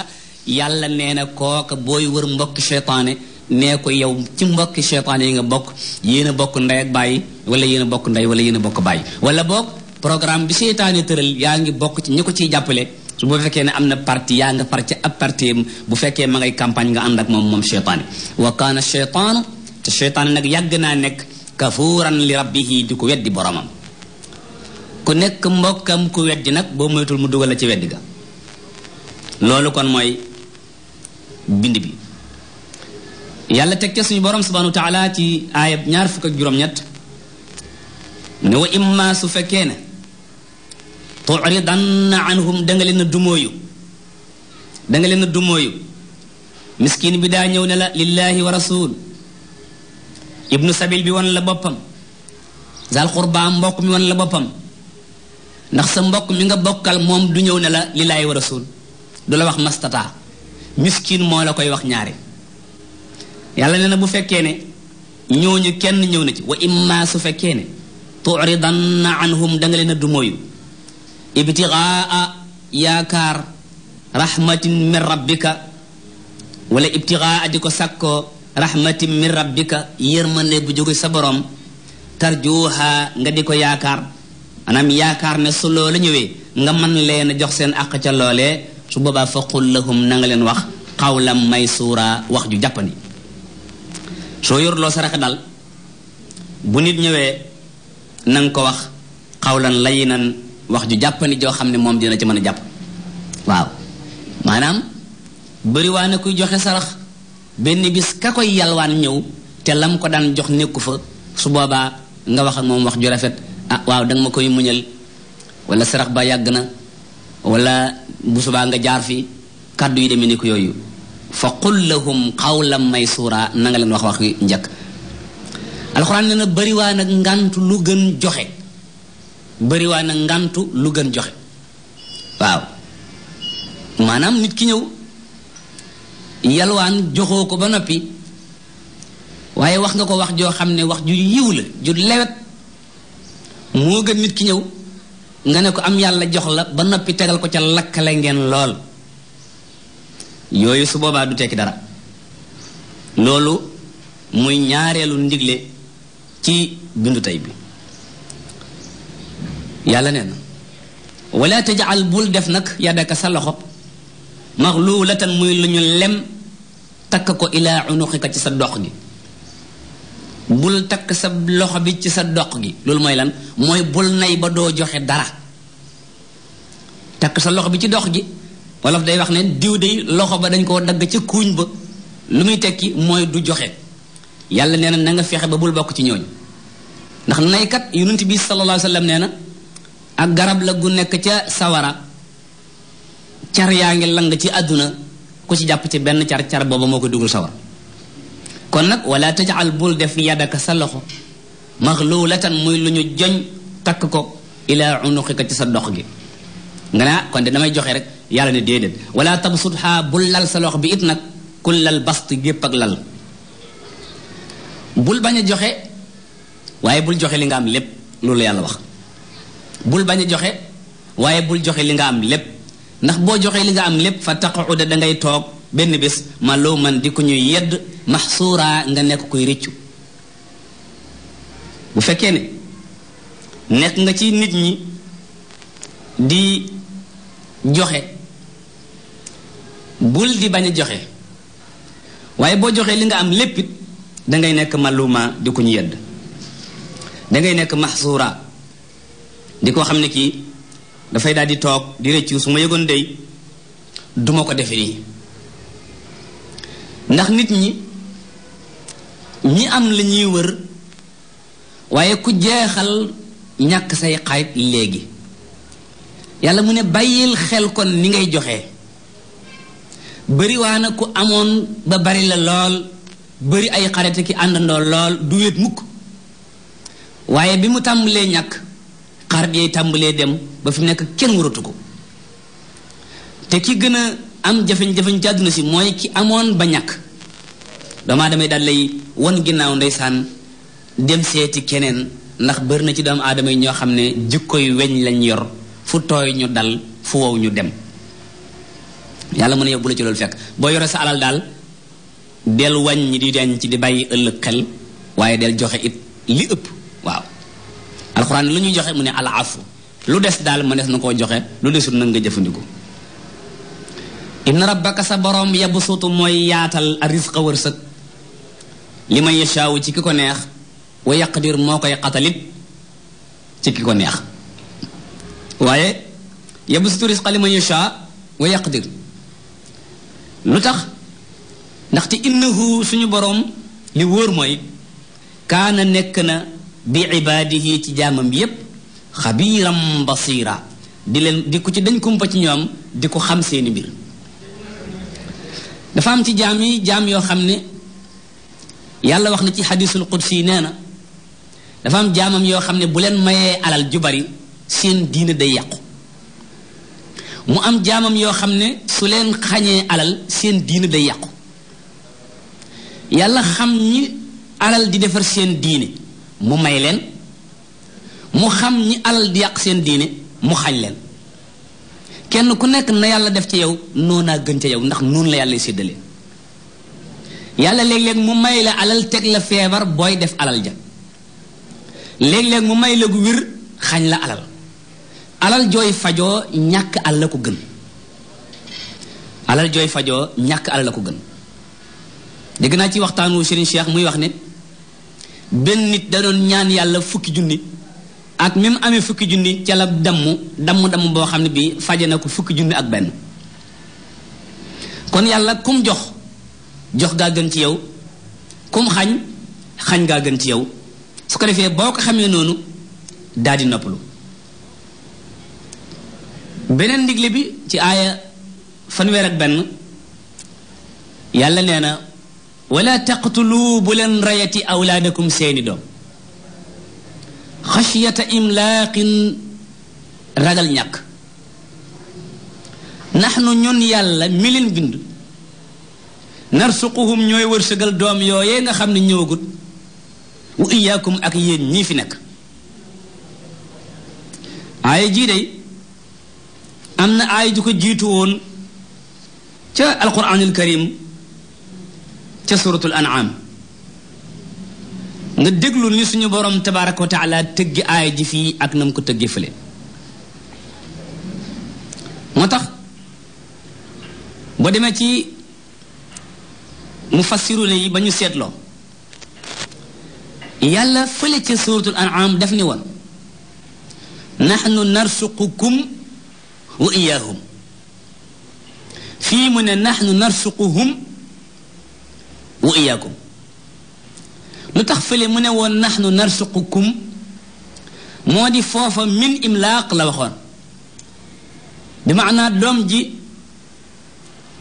yàlla nee na kooka booy wër mbokki shaytaane nee ko yow ci mbokki shaytaane yi nga bokk yéen a bokk ndey ak bàyyi wala yéen bokk ndey wala yéen a bokk bàyyi wala boog programme bi shaytaane tëral yaa ngi bokk ci ñi ko ciy jàppale su bu fekkee ne am na parti yaa nga par ci ab partim bu fekkee ma ngay campagne nga ànd ak moom moom cheytaane wa kaana cheytaanu te cheytaane nag yàgg naa nekk kafuuran li rabbihi di ko weddi boromam ku nekk mbokkam ku weddi nag boo moytul mu dugal la ci weddi ga loolu kon mooy bind bi yàlla teg ca suñu borom subhanahu wa ci aayab ñaar fukk ak juróom-ñett ne wa imma su fekkee ne tu'ridanna anhum da nga leen a dumóoyu danga leen a dumóoyu miskin bi daa ñëw ne la lillahi wa rasul ibnu sabil bi wan la boppam zal qurba mbokk mi wan la boppam ndax sa mbokk mi nga bokkal moom du ñëw ne la lillahi wa rasul du la wax mastata miskin moo la koy wax ñaare yàlla nee na bu fekkee ne ñooñu kenn ñëw na ci wa imma su fekkee ne tu'ridanna anhum da danga leen a dumóoyu ibtigaa yaakaar rahmatin min rabbika wala ibtigaa di ko sakkoo rahmatin min rabbika yërmande bu jóge sa borom tarjuha nga di ko yaakaar maanaam yaakaar ne su loola ñëwee nga mën leen a jox seen àq ca loolee su boobaa faqul lahum na nga leen wax xawlam may suura wax ju jàppandi soo yorloo saraxe dal bu nit ñëwee nanga ko wax xawlan layinan wax ju jàppandi joo xam ne moom dina ci mën a jàpp waaw maanaam bëriwaa na kuy joxe sarax benn bis ka koy yalwaan ñëw te lam ko daan jox nekku fa su boobaa nga wax ak moom wax ju rafet ah waaw danga ma koy muñal wala sarax ba yàgg na wala bu subaa nga jaar fi kàddu yi demee ni ko yooyu fa qul lahum qawlan maysuura na nga leen wax wax wi njëkk alxuraan nee na bëriwaa nag ngànt lu gën joxe bëri ngantu lu gën joxe waaw maanaam nit ki ñëw yalwaan joxoo ko ba noppi waaye wax nga ko wax joo xam ne wax ju yiw la ju lewet moo gën nit ki ñëw nga ne ko am yàlla jox la ba noppi tegal ko ca lakkale ngeen lool yooyu su boobaa du tekki dara loolu muy ñaareelu ndigle ci bindu tey bi yàlla nee na wala tajal bul def nag yadaka sa loxo maxluulatan muy lu ñu lem takk ko ilaa unuqika ci sa dox gi bul takk sa loxo bi ci sa dox gi loolu mooy lan mooy bul nay ba doo joxe dara takk sa loxo bi ci dox gi wolof day wax ne diw day loxo ba dañ koo dagg ca kuuñ ba lu muy tekki mooy du joxe yàlla nee na na nga fexe ba bul bokk ci ñooñu ndax naykat yonent bi sallallahu alayhi wa sallam nee na ak garab la gu nekk ca sawara car yaa ngi lang ci àdduna ku ci jàpp ci benn car car booba moo koy dugal sawara kon nag wala tajal bul def yadaka sa loxo maxluulatan muy lu ñu joñ takk ko ilaa ci sa dox gi ah, kon de damay joxe rek yàlla ne déedéet wala tabsutha bul lal sa loxo bi it nag ku lal bast gépp ak lal bul bañ a joxe waaye bul joxe li nga am lépp loolu la yàlla wax bul bañ a joxe waaye bul joxe li nga am lépp ndax boo joxee li nga am lépp fa taquda da ngay toog benn bés ma man di ko ñuy yedd maxsuura nga nekk kuy rëccu bu fekkee ne nekk nga ci nit ñi di joxe bul di bañ a joxe waaye boo joxee li nga am léppit dangay nekk maluma di ku ñu yedd dangay nekk maxsuura di ko xam ne kii dafay daal di toog di rëccu su ma yëgoon dey duma ko defe nii ndax nit ñi ñi am la ñuy wër waaye ku jeexal ñàkk say xarit léegi yàlla mu ne bàyyil xel ko ni ngay joxe bariwaana ku amoon ba bari la lool bari ay xarit ki àndandoo lool du wéet mukk waaye bi mu tàmbalee ñàkk xarit yooyu tàmbalee dem ba fi nekk kenn waratu ko te ki gën a am jafeñ-jafeñ ci àdduna si mooy ki amoon ba ñakk dama aadama yi daal lay wan ginnaaw ndeysaan dem seeti keneen ndax bëri na ci doomu aadama yi ñoo xam ne jikkoy weñ lañ yor fu tooy ñu dal fu wow ñu dem yàlla mën a yóbbu la ci loolu fekk boo yore sa alal daal del wàññi di denc di bàyyi ëllëg xel waaye del joxe it li ëpp waaw alxuraan lu ñuy joxe mu ne al afu lu des daal ma des na koo joxe lu desul nag nga jëfandikoo inna rabbaka sa borom yabsutu mooy yaatal a risqa wërsëg li ma yashaawu ci ki neex wa yaqdir moo koy xatalit ko neex waaye yabsutu ma yashaa wa yaqdir lu tax ndaxte innahu suñu borom li wóor mooy kaana nekk na bi ibaadihi ci jaamam yépp xabiiram basiira di leen di ku ci dañ kumpa ci ñoom di ko xam seeni mbir dafa am ci jaam yi jaam yoo xam ne yàlla wax na ci xadiisul qudsi nee na dafa am jaamam yoo xam ne bu leen mayee alal ju bari seen diine day yàqu mu am jaamam yoo xam ne su leen xañee day yàqu yàlla xam ñi alal di defar seen diine mu may leen mu xam ñi alal di yàq seen diine mu xañ leen kenn ku nekk na yàlla def ci yow noonaa gën ca yow ndax noonu la yàlla séddale yàlla léeg-léeg mu may la alal teg la feebar booy def alal ja léeg-léeg mu may la gu wér xañ la alal alal jooy fajoo ñàkk alal la ko gën alal jooy fajoo ñàkk alal la ko gën dégg naa ci waxtaanu Serigne Cheikh muy wax ne benn nit da ñaan yàlla fukki junni ak même amee fukki junni ca la damm damm damm boo xam ne bii faje na ko fukki junni ak benn kon yàlla kum jox jox gaa ci yow kum xañ xañ gaa gën ci yow su ko defee boo ko xamee noonu daldi di noppalu beneen ndigle bi ci aaya fanweer ak benn yàlla nee wala taqtulu bu leen rayati awlaadakum seeni doom xasiyata imlaaqin ragal ñàkk naxnu ñun yàlla mi leen bind narsuquhum ñooy wërsëgal doom yooyee nga xam ne ñëwagut wa iyaakum ak yéen ñii fi nekk aaya jii am na aaya ju ko jiitu woon ca alquraanul karim ca suratul an'am nga déglu ni suñu boroom tabaaraka wa taala tëggi aaya fii ak na ko tëggee fële moo tax boo demee ci mu fassiruna yi ba ñu seetloo yàlla fële ca suratul an'am daf ni woon naxnu narsuqukum wa iyaahum fii mu ne naxnu narsuquhum wa iyaakum lu tax fële mu ne woon nax nu naxnu narsuqukum moo di foofa min imlaaq la waxoon bi maanaa doom ji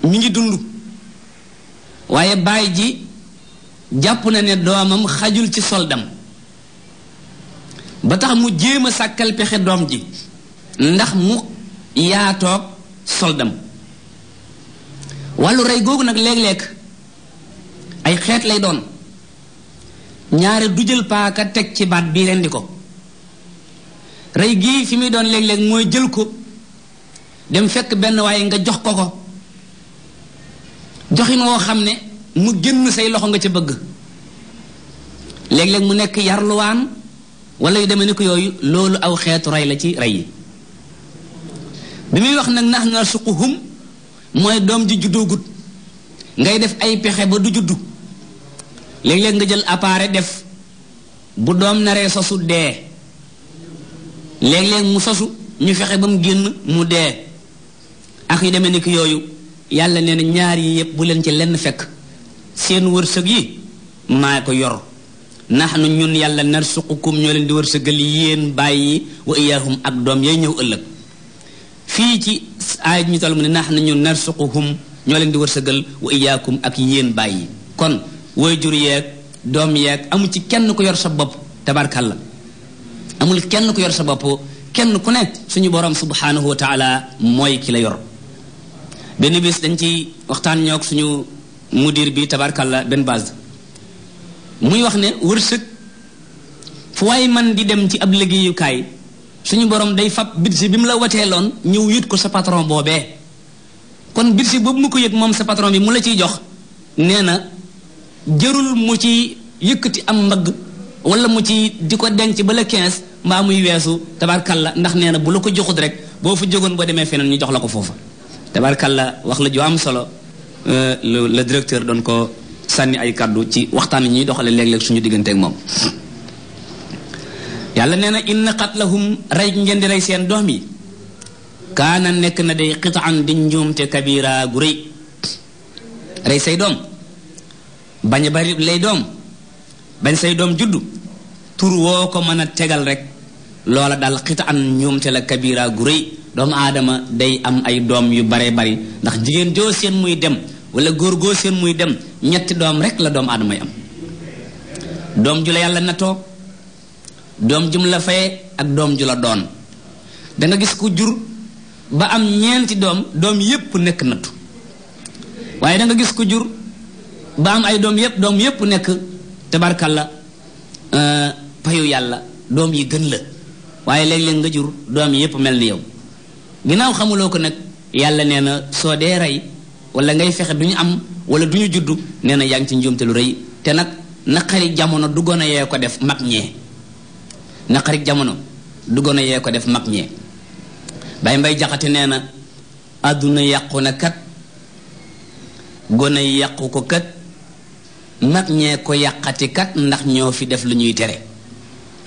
mi ngi dund waaye baay ji jàpp na ne doomam xajul ci soldam ba tax mu jéem a sàkkal pexe doom ji ndax mu yaatoog soldam wàllu rey googu nag léeg-léeg ay xeet lay doon ñaare du jël paaka teg ci baat bii rendi ko rey gii fi muy doon léeg-léeg mooy jël ko dem fekk benn waaye nga jox ko ko joxin woo xam ne mu génn say loxo nga ca bëgg léeg-léeg mu nekk yarluwaan wala yu deme ni ko yooyu loolu aw xeetu rey la ci rey yi bi muy wax nag nax na suquhum mooy doom ji juddoogut ngay def ay pexe ba du juddu léegi léeg nga jël appareil def bu doom naree sosu dee léeg-léeg mu sosu ñu fexe ba mu génn mu dee ak yu demee ni ki yooyu yàlla nee na ñaar yi yépp bu leen ci lenn fekk seen wërsëg yi maa ko yor nax nu ñun yàlla narsuqukum ñoo leen di wërsëgal yéen bàyyi wa ak doom yay ñëw ëllëg fii ci aay ñu toll mu ne nax nu ñun ñoo leen di wërsëgal wa ak yéen bàyyi kon jur yeeg doom yeeg amu ci kenn ku yor sa bopp tabarkalla amul kenn ku yor sa bopp kenn ku ne suñu borom subhanahu wa taala mooy ki la yor benn bis dañ ci waxtaan ñoog suñu mudir bi tabarkalla benn base muy wax ne wërsëg fu waay man di dem ci ab liggéeyukaay suñu borom day fab budget bi mu la watee wateeloon ñëw yët ko sa patron boobee kon budget boobu mu ko yët moom sa patron bi mu la ciy jox nee na jërul mu ci yëkkati am mbagg wala mu ci di ko denc ba la 15 mbaa muy weesu la ndax nee na bu la ko joxut rek boo fa jógoon boo demee feneen ñu jox la ko foofa tabarkalla wax la joo am solo euh, le directeur doon ko sànni ay kàddu ci waxtaan ñuy doxale léeg-léeg suñu digganteeg moom yàlla nee na inna qatlahum rey ngeen di rey seen doom yi kaana nekk na day xitaan di njuumte kabira gu rëy rey say doom bañ a bari lay doom bañ say doom juddu tur woo ko mën a tegal rek loola daal xita ñoom ñoomte la kabira gu rëy doomu aadama day am ay doom yu baree bari ndax jigéen joo seen muy dem wala góor goo seen muy dem ñetti doom rek la doomu aadama am doom ju la yàlla natoo doom jum la faye ak doom ju la doon danga gis ko jur ba am ñeenti doom doom yépp nekk nattu waaye danga gis ku jur ba am ay doom yépp doom yépp nekk tabarkalla euh, payu yàlla doom yi gën la waaye léeg-léeg nga jur doom yi yépp mel ni yow ginnaaw xamuloo ko nag yàlla nee na soo dee rey wala ngay fexe du ñu am wala du ñu juddu nee na ci njuumte lu rëy te nag naqari jamono du a yee ko def mag ñee naqari jamono du gone yee ko def mag ñee bay mbay jaxate nee na àdduna yàqu na kat gone yàqu ko kat mag ñee ko yàqati kat ndax ñoo fi def lu ñuy tere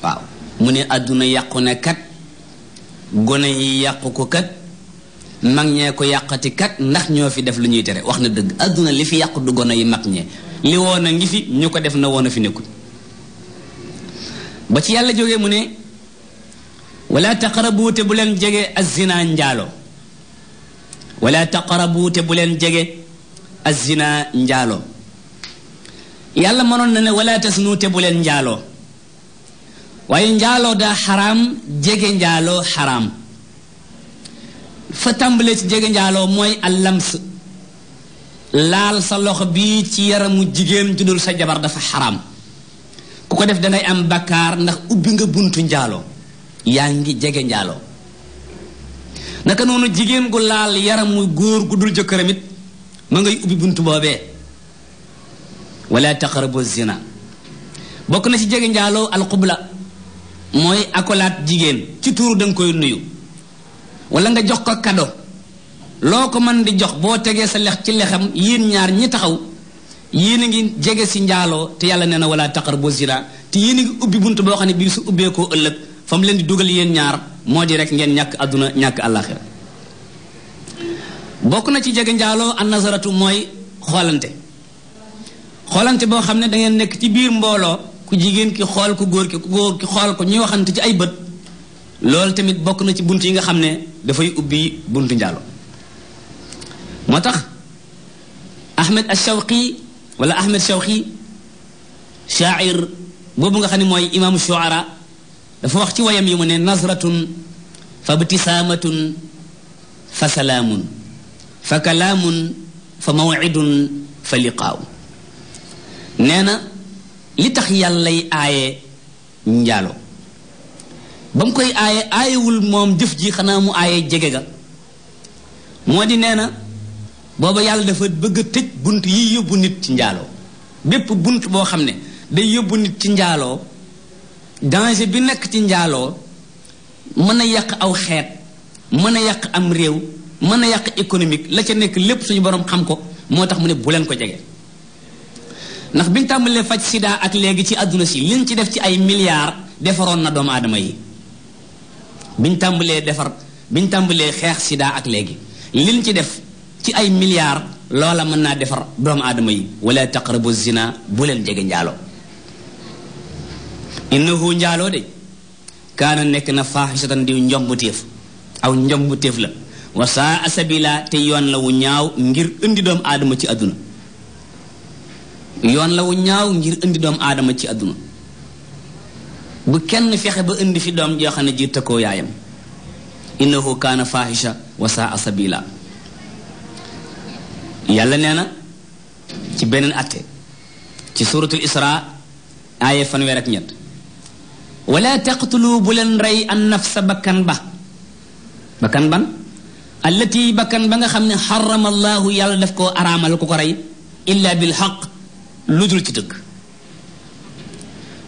waaw mu ne àdduna yàqu na kat gone yi yàqu ko kat mag ñee ko yàqati kat ndax ñoo fi def lu ñuy tere wax na dëgg àdduna li fi yàqu du gone yi mag ñee li woon a ngi fi ñu ko def na woon a fi nekkul ba ci yàlla jógee mu ne wala taqarabu te bu leen jege azina njaaloo wala taqarabu te bu leen jege a azina njaaloo yàlla mënoon na ne wala tasnu te bu leen njaaloo waaye njaaloo daa xaraam jege njaaloo xaram fa tàmbalee ci jege njaaloo mooy allams laal sa loxo bi ci yaramu jigéen ju dul sa jabar dafa xaram ku ko def dangay am bakkaar ndax ubbi nga buntu njaaloo yaa ngi jege njaaloo naka noonu jigéen gu laal yaramu góor gu dul jëkkëram it ngay ubbi buntu boobee wala taqrabu zina bokk na ci jege njaaloo alxubla mooy akolaat jigéen ci tuuru danga koy nuyu wala nga jox ko kado loo ko mën di jox boo tegee sa lex ci lexam yéen ñaar ñi taxaw yéen a ngi jege si njaaloo te yàlla nee na wala taqrabu zina te yéen a ngi ubbi bunt boo xam ne bii su ubbeekoo ëllëg fa mu leen di dugal yéen ñaar moo di rek ngeen ñàkk àdduna ñàkk àllaaxira bokk na ci jege njaaloo an mooy xoolante xoolante boo xam ne dangeen nekk ci biir mbooloo ku jigéen ki xool ku góor ki ku góor ki xool ko ñuy waxante ci ay bët loolu tamit bokk na ci bunt yi nga xam ne dafay ubbi buntu njaalo moo tax Ahmed Achawqi wala Ahmed Chawqi shaair boobu nga xam ne mooy imaamu shuara dafa wax ci wayam yi mu ne nazratun fa btisaamatun fa salaamun fa kalaamun fa mawcidun fa liqaaw nee na li tax yàllay aaye njaalo ba mu koy aaye aayewul moom jëf ji xanaa mu aaye jege ga moo di nee na booba yàlla dafa bëgg a tëj bunt yi yóbbu nit ci njaaloo bépp bunt boo xam ne day yóbbu nit ci njaaloo danger bi nekk ci njaaloo mën a yàq aw xeet mën a yàq am réew mën a yàq économique la ca nekk lépp suñu borom xam ko moo tax mu ne bu leen ko jege ndax biñ tàmbalee faj sida ak léegi ci àdduna si liñ ci def ci ay milliards defaroon na doomu aadama yi biñ tàmbalee defar biñ tàmbalee xeex sida ak léegi liñ ci def ci ay milliards loola mën naa defar doomu adama yi wala taqrabu zina bu leen jege njaaloo innahu njaaloo de kaana nekk na faaxisatan di njombuteef aw njombuteef la wa saa asabila te yoon la ñaaw ngir indi doomu aadama ci àdduna yoon la wu ñaaw ngir indi doom aadama ci àdduna bu kenn fexe ba indi fi doom joo xam ne ji tëkkoo yaayam innahu kaana faahisha wa saa yàlla nee na ci beneen atte ci suratul isra aaye fanweer ak ñett wala taqtulu bu leen rey an nafsa bakkan ba bakkan ban allati bakkan ba nga xam ne xarama allahu yàlla def koo araamal ku ko rey illa bil xaq lu dul ci dëgg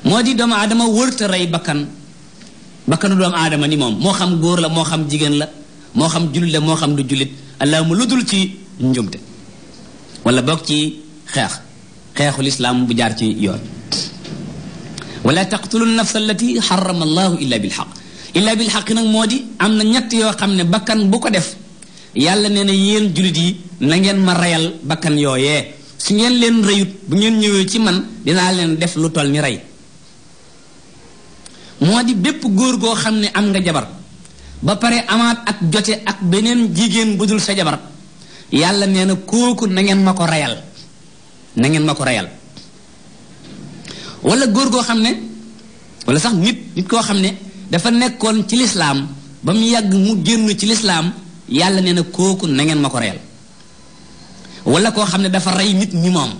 moo di doomu aadama wërta rey bakkan bakkanu doomu aadama ni moom moo xam góor la moo xam jigéen la moo xam jullit la moo xam du jullit allahuma lu dul ci njumte wala bokk ci xeex xeexul islaam bu jaar ci yoon wala taqtulu nafsa allati xarama allahu illa bi illa bilxaq nag moo di am na ñett yoo xam ne bakkan bu ko def yàlla nee na yéen jullit yi na ngeen ma reyal bakkan yooye su ngeen leen reyut bu ngeen ñëwee ci man dinaa leen def lu toll ni rey moo di bépp góor goo xam ne am nga jabar ba pare amaat ak jote ak beneen jigéen bu dul sa jabar yàlla nee na kooku na ngeen ma ko reyal na ngeen ma ko reyal wala góor goo xam ne wala sax nit nit koo xam ne dafa nekkoon ci lislaam ba mu yàgg mu génn ci lislaam yàlla nee na kooku na ngeen ma ko reyal wala koo xam ne dafa rey nit ni moom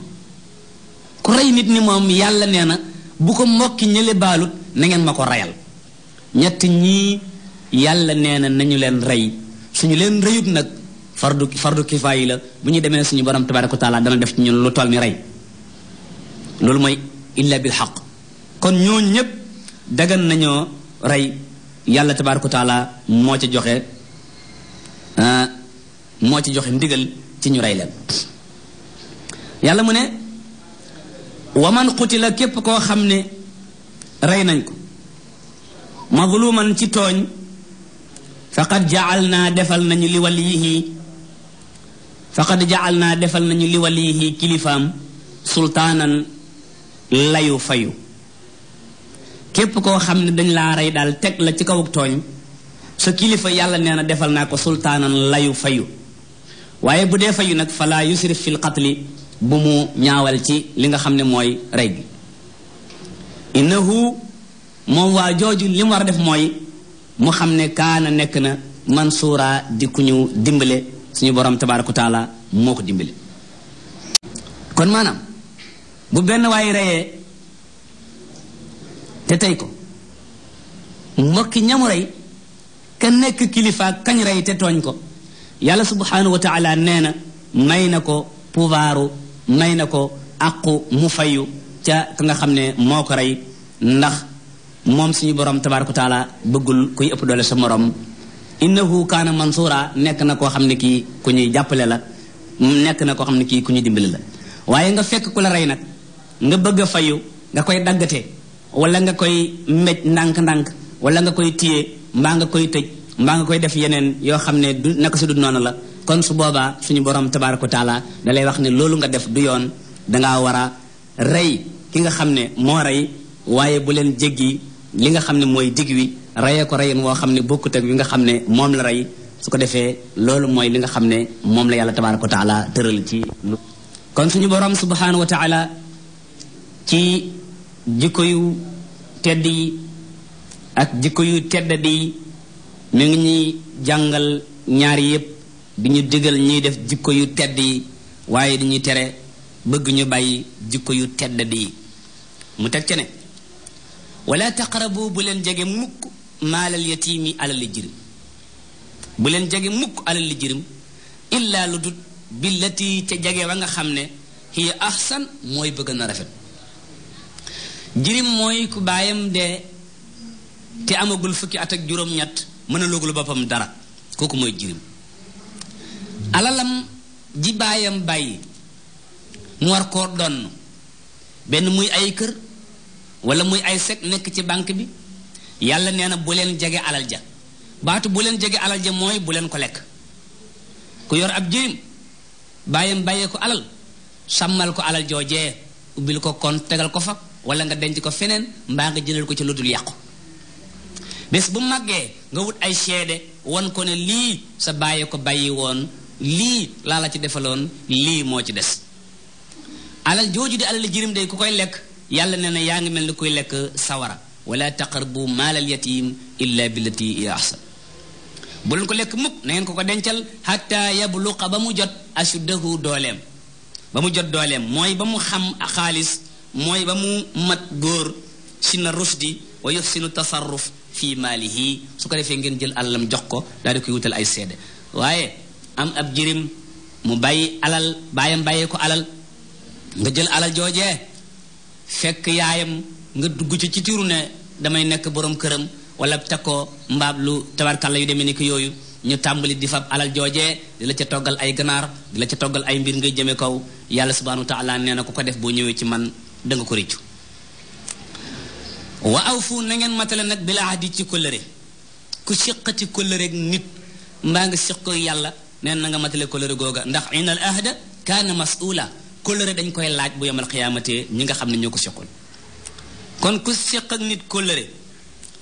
ku rey nit ni moom yàlla nee na bu ko mbokki ñële baalut na ngeen ma ko reyal ñett ñii yàlla nee na nañu leen rey suñu leen reyut nag fardu fardu kifaay yi la bu ñu demee suñu borom tabaaraka wa taala dana def ci ñun lu toll ni rey loolu mooy illa bil xaq kon ñoo ñépp dagan nañoo rey yàlla tabaaraka wa moo ci joxe ah, moo ci joxe ndigal ci ñu rey leen yàlla mu ne waman la képp koo xam ne rey nañ ko mazluman ci tooñ faqad jaal naa defal nañu li waliyihi faqad jaal naa defal nañu li waliyihi kilifaam sultaanan layu fayu képp koo xam ne dañ laa rey daal teg la ci kaw tooñ sa kilifa yàlla nee na defal naa ko sultaanan layu fayu waaye bu dee fayu nag fala yusrif fil qatli bu mu ñaawal ci li nga xam ne mooy rey gi innahu moom waa jooju li def mooy mu xam ne kaana nekk na mansuura di ku ñu dimbale suñu borom tabaaraka taala moo ko dimbale kon maanaam bu benn waay reyee te tey ko mbokki ñamu rey ka nekk kilifa kañ rey te tooñ ko yàlla subhanahu wa taala nee na may na ko pouvoiru may na ko aqu mu fayu ca ka nga xam ne moo ko rey ndax moom suñu borom tabaraka taala bëggul kuy ëpp doole sa morom innahu kaana mansuura nekk na koo xam ne kii ku ñuy jàppale la nekk na koo xam ne kii ku ñuy dimbali la waaye nga fekk ku la rey nag nga bëgg a fayu nga koy daggate walla nga koy mbéj ndànk-ndànk wala nga koy téye mbaa nga koy tëj mbaa nga koy def yeneen yoo xam ne du naka su du noonu la kon su boobaa suñu borom tabaaraka wa taala da lay wax ne loolu nga def du yoon dangaa war a rey ki nga xam ne moo rey waaye bu leen jéggi li nga xam ne mooy digg wi ko reyen woo xam ne bokkut ak wi nga xam ne moom la rey su ko defee loolu mooy li nga xam ne moom la yàlla tabaaraka wa taala tëral ci lu kon suñu borom subhaanahu wa taala ci jikko yu tedd yi ak jikko yu tedd di mi ngi ñuy jàngal ñaar yépp di ñu digal ñuy def jikko yu tedd yi waaye dañuy tere bëgguñu ñu bàyyi jikko yu tedd di mu teg ca ne wala taqarabu bu leen jege mukk maalal yatiimi alal li jirim bu leen jege mukk alal li jirim illaa lu dut billati ca jege wa nga xam ne hiya ahsan mooy bëgg na rafet jirim mooy ku baayam dee te amagul fukki at ak juróom-ñett mën a loogul boppam dara kooku mooy jirim alalam ji baayam bàyyi mu war ko donn benn muy ay kër wala muy ay sek nekk ci banque bi yàlla nee na bu leen jege alal ja baatu bu leen jege alal ja mooy bu leen ko lekk ku yor ab jirim bàyyam bàyyee ko alal sàmmal ko alal joojee ubbil ko kon tegal ko fa wala nga denc ko feneen mbaa nga jëlal ko ci lu dul yàqu bés bu màggee nga wut ay seede won ko ne lii sa bàyyi ko bàyyi woon lii laa la ci defaloon lii moo ci des alal jooju di alal jirim day ku koy lekk yàlla nee na yaa ngi mel ni kuy lekk sawara wala taqrabu maalal yatim illa billati i ahsan bu leen ko lekk mukk nangeen ko ko dencal hatta yabluqa ba mu jot ashuddahu dooleem ba mu jot dooleem mooy ba mu xam xaalis mooy ba mu mat góor sina rusdi wa yuxsinu tasarruf fii maalihi su ko defee ngeen jël alalam jox ko daal di koy wutal ay seede waaye am ab jirim mu bàyyi alal baayam bàyyee ko alal nga jël alal joojee fekk yaayam nga dugg ci ci tiru ne damay nekk boroom këram wala takkoo mbaab lu tabarkàlla yu demee ni ko yooyu ñu tàmbali di fab alal joojee di la ca toggal ay ganaar di la ca toggal ay mbir ngay jëme kaw yàlla subhanahu wa taala nee na ku ko def boo ñëwee ci man danga ko réccu wa aw fu na ngeen matale nag bila ahdi ci kóllëre ku siqati kóllëre nit mbaa nga siq ko yàlla neen na nga matale kóllëre googa ndax inal ahda kaana mas'ula kóllëre dañ koy laaj bu yomal xiyaamatee ñi nga xam ne ñoo ko siqul kon ku siq nit kóllëre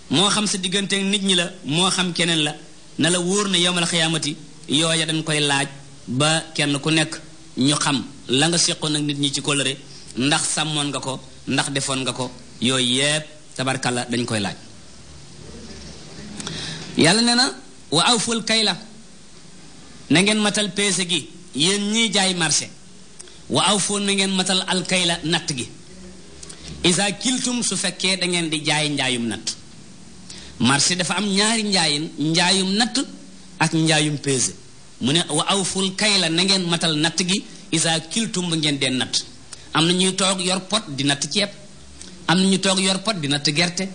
moo xam sa diggante nit ñi la moo xam keneen la na la wóor na yomal xiyaamati yooya dañ koy laaj ba kenn ku nekk ñu xam la nga siqoon nag nit ñi ci kóllëre ndax sàmmoon nga ko ndax defoon nga ko yooyu tabarkalla dañ koy laaj yàlla nee na wa aw awful kayla na ngeen matal peese gi yéen ñiy jaay marché wa awfu na ngeen matal alkayla natt gi isa kiltum su fekkee da ngeen di jaay njaayum natt marché dafa am ñaari njaayin njaayum natt ak njaayum peese mu ne wa awful kayla na ngeen matal natt gi isa kiltum ba ngeen dee natt am na ñuy toog yor pot di natt ceeb am na ñu toog yor pot di natt gerte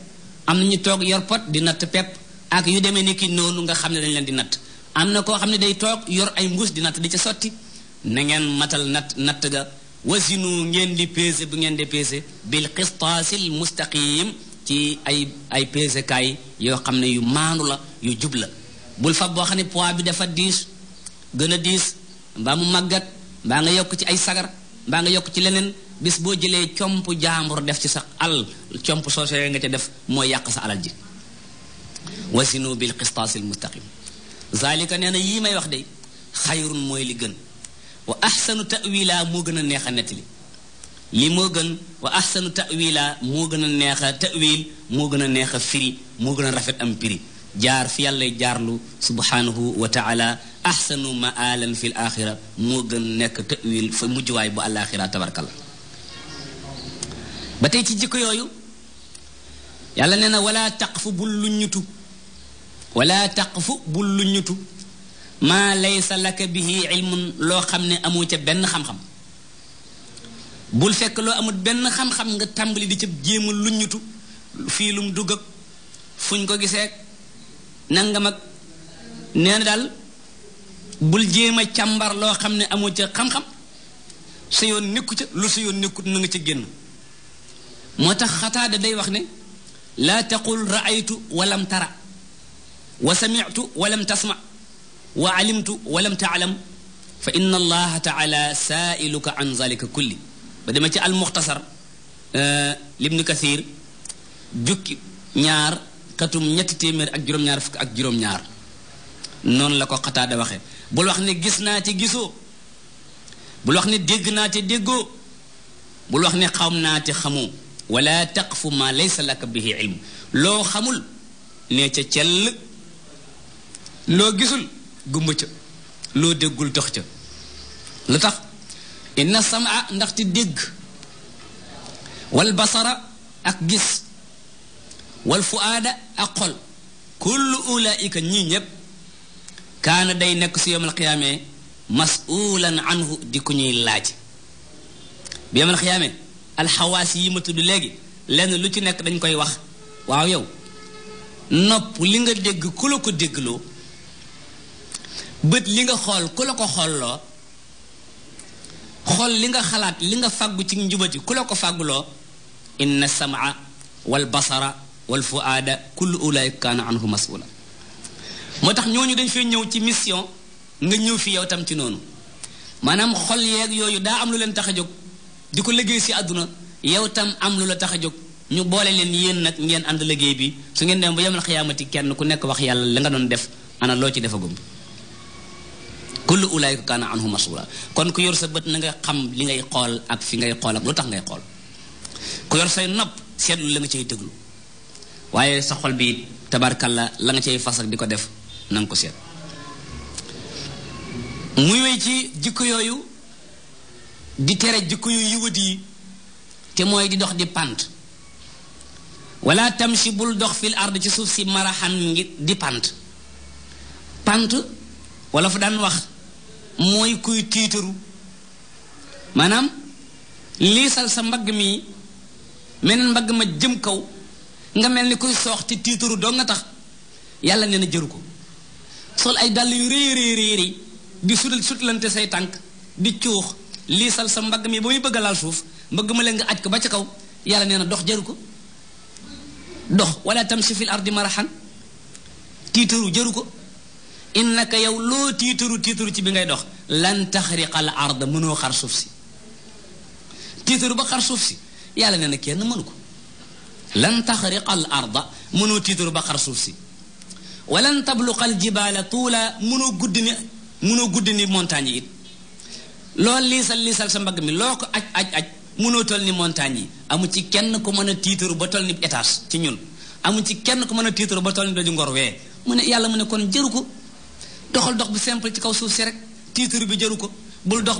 am na ñu toog yor pot di natt pepp ak yu demee ni kii noonu nga xam ne dañ leen di natt am na koo xam ne day toog yor ay mbuus di natt di ca sotti na ngeen matal natt natt ga wasinu ngeen di peese bu ngeen di peese bil qistaasil mustaqim ci ay ay peesekaay yoo xam ne yu maanu la yu jub la bul fab boo xam ne poids bi dafa diis gën a diis mbaa mu màggat mbaa nga yokk ci ay sagar mbaa nga yokk ci leneen bis boo jëlee comp jaambur def ci sax al comp soosee nga ca def mooy yàq sa alal ji wasinu bil qistaasil mustaqim zalika nee na yii may wax de xayrun mooy li gën wa axsanu tawila moo gën a neex a nettali li moo gën wa axsanu moo gën a neex a tawil moo gën a neex a firi moo gën a rafet am piri jaar fi yàllay jaarlu subhanahu wa taala axsanu maalan fi l moo gën nekk tawil fa mujjuwaay bu àlaxira tabarkalla ba tey ci jikko yooyu yàlla nee na wala taqfu bul luññutu wala taqfu bul luññutu maa laysa laka bihi ilmun loo xam ne amoo ca benn xam-xam bul fekk loo amul benn xam-xam nga tàmbali di ca jéema luññutu fii lum dugg ak fuñ ko gisee nangam ak nee na daal bul jéema càmbar loo xam ne amoo ca xam-xam sa yoon nekku ca lu sa yoon nekkut na nga ca génn moo tax xataada day wax ne laa taqul raaytu walam tara wa samitu walam tasma wa alimtu walam taalam fa inna allaha taala saailuka an zalika kulli ba dama ci almuxtasar euh, libnu kathir jukki ñaar katum ñetti téeméer ak juróom-ñaar fukk ak juróom noonu la ko xataada waxe bul wax ne gis naa te gisoo bul wax ne dégg naa te déggoo bul wax ne xam naa te xamoo wala taqfu ma laysa laka bihi ilm loo xamul nee ca cell loo gisul gumba ca loo déggul dox ca lu tax inna samaa ndaxte dégg wal basara ak gis wal fuaada ak xol kullu ulaika ñii ñépp kaana day nekk si yowmal xiyaamee masulan anhu di ku ñuy laaj bi yowmal xiyaamee alxawaas yii ma tudd léegi lenn lu ci nekk dañ koy wax waaw yow nopp li nga dégg ku la ko déggloo bët li nga xool ku la ko xoolloo xool li nga xalaat li nga fàggu ci ji ku la ko fàgguloo inna samaa wal basara wal fuaada kullu ulaayka kaana anhu masula moo tax ñooñu dañ fee ñëw ci mission nga ñëw fi yow tam ci noonu maanaam xol yeeg yooyu daa am lu leen tax a jóg di ko liggéey si àdduna yow tam am lu la tax a jóg ñu boole leen yéen nag ngeen ànd liggéey bi su ngeen dem ba yemal xiyaamati kenn ku nekk wax yàlla la doon def ana loo ci defagum kullu ulaayika kaana kon ku yor sa bët na nga xam li ngay xool ak fi ngay xool ak tax ngay xool ku yor say nopp seetlu la nga cay déglu waaye sa xol bi tabarkalla la nga cay fas di ko def na ko seet ci jikko yooyu di tere jikko yu yiwut yi te mooy di dox di pant wala tamshi bul dox fil ard ci suuf si maraxan ngi di pant pant wala fa daan wax mooy kuy tiitaru maanaam liisal sa mbagg mi meneen mbagg ma jëm kaw nga mel ni kuy soox te tiitaru doo nga tax yàlla nee na jëru ko sol ay dàll yu réy réy réy di sutal sutalante say tànk di cuux liisal sa mbagg mi ba muy bëgg a laal suuf mbëgg ma leen aj ko ba ca kaw yàlla nee na dox jaru ko dox wala tamsi fil ardi marahan tiitaru jaru ko innaka yow loo tiitaru tiitaru ci bi ngay dox lan taxriqal arda mënoo xar suuf si tiitaru ba xar suuf si yàlla nee na kenn mënu ko lan taxriqal arda mënoo tiitaru ba suuf si walan tabluqal jibaala tuula mënoo gudd ni mënoo gudd ni montagne yi it loo liisal liisal sa mbagg mi loo ko aj aj aj mënoo toll ni montagne yi amu ci kenn ku mën a tiitaru ba toll ni étage ci ñun amu ci kenn ku mën a tiitaru ba toll ni daju ngor wee mu ne yàlla mu ne kon jëru ko doxal dox bu simple ci kaw suuf si rek tiitaru bi jëru ko bul dox